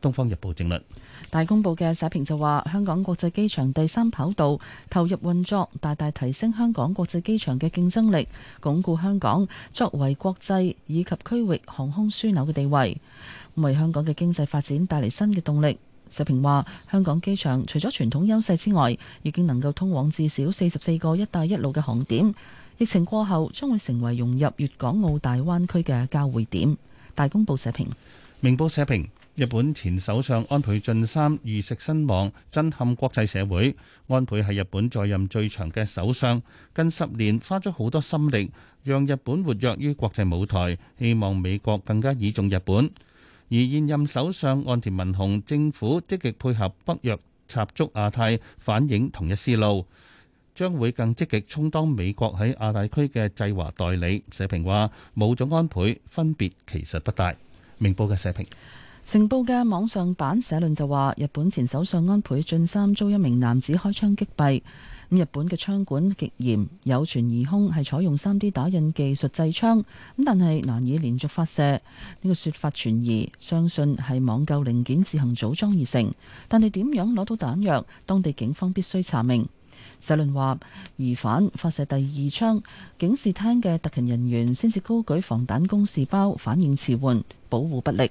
東方日報》政論。大公報嘅社評就話：香港國際機場第三跑道投入運作，大大提升香港國際機場嘅競爭力，鞏固香港作為國際以及區域航空樞紐嘅地位。為香港嘅經濟發展帶嚟新嘅動力。社評話，香港機場除咗傳統優勢之外，已經能夠通往至少四十四個一帶一路嘅航點。疫情過後，將會成為融入粵港澳大灣區嘅交匯點。大公報社評。明報社評，日本前首相安倍晉三遇刺身亡，震撼國際社會。安倍係日本在任最長嘅首相，近十年花咗好多心力，讓日本活躍於國際舞台，希望美國更加倚重日本。而現任首相岸田文雄政府積極配合北約插足亞太，反映同一思路，將會更積極充當美國喺亞太區嘅制華代理。社評話：冇咗安倍，分別其實不大。明報嘅社評，成報嘅網上版社論就話：日本前首相安倍晉三遭一名男子開槍擊斃。日本嘅槍管極嚴，有傳疑兇係採用 3D 打印技術製槍，咁但係難以連續發射呢、這個説法存疑，相信係網購零件自行組裝而成。但係點樣攞到彈藥，當地警方必須查明。社論話，疑犯發射第二槍，警視廳嘅特勤人員先至高舉防彈公事包，反應遲緩，保護不力。呢、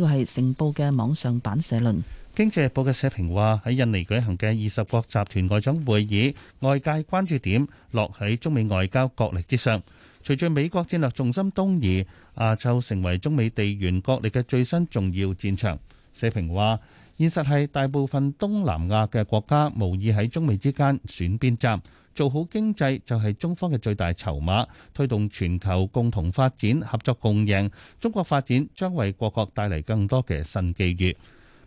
這個係成報嘅網上版社論。《經濟日報》嘅社評話：喺印尼舉行嘅二十國集團外長會議，外界關注點落喺中美外交角力之上。隨住美國戰略重心東移，亞洲成為中美地緣角力嘅最新重要戰場。社評話：現實係大部分東南亞嘅國家無意喺中美之間選邊站，做好經濟就係中方嘅最大籌碼，推動全球共同發展合作共贏。中國發展將為各國帶嚟更多嘅新機遇。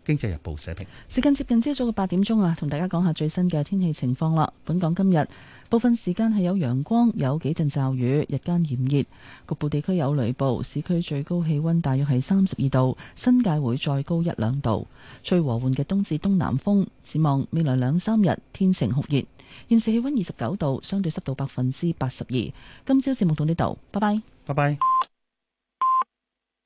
《經濟日報》寫評，時間接近朝早嘅八點鐘啊，同大家講下最新嘅天氣情況啦。本港今日部分時間係有陽光，有幾陣驟雨，日間炎熱，局部地區有雷暴。市區最高氣温大約係三十二度，新界會再高一兩度。吹和緩嘅東至東南風，展望未來兩三日天晴酷熱。現時氣温二十九度，相對濕度百分之八十二。今朝節目到呢度，拜拜，拜拜。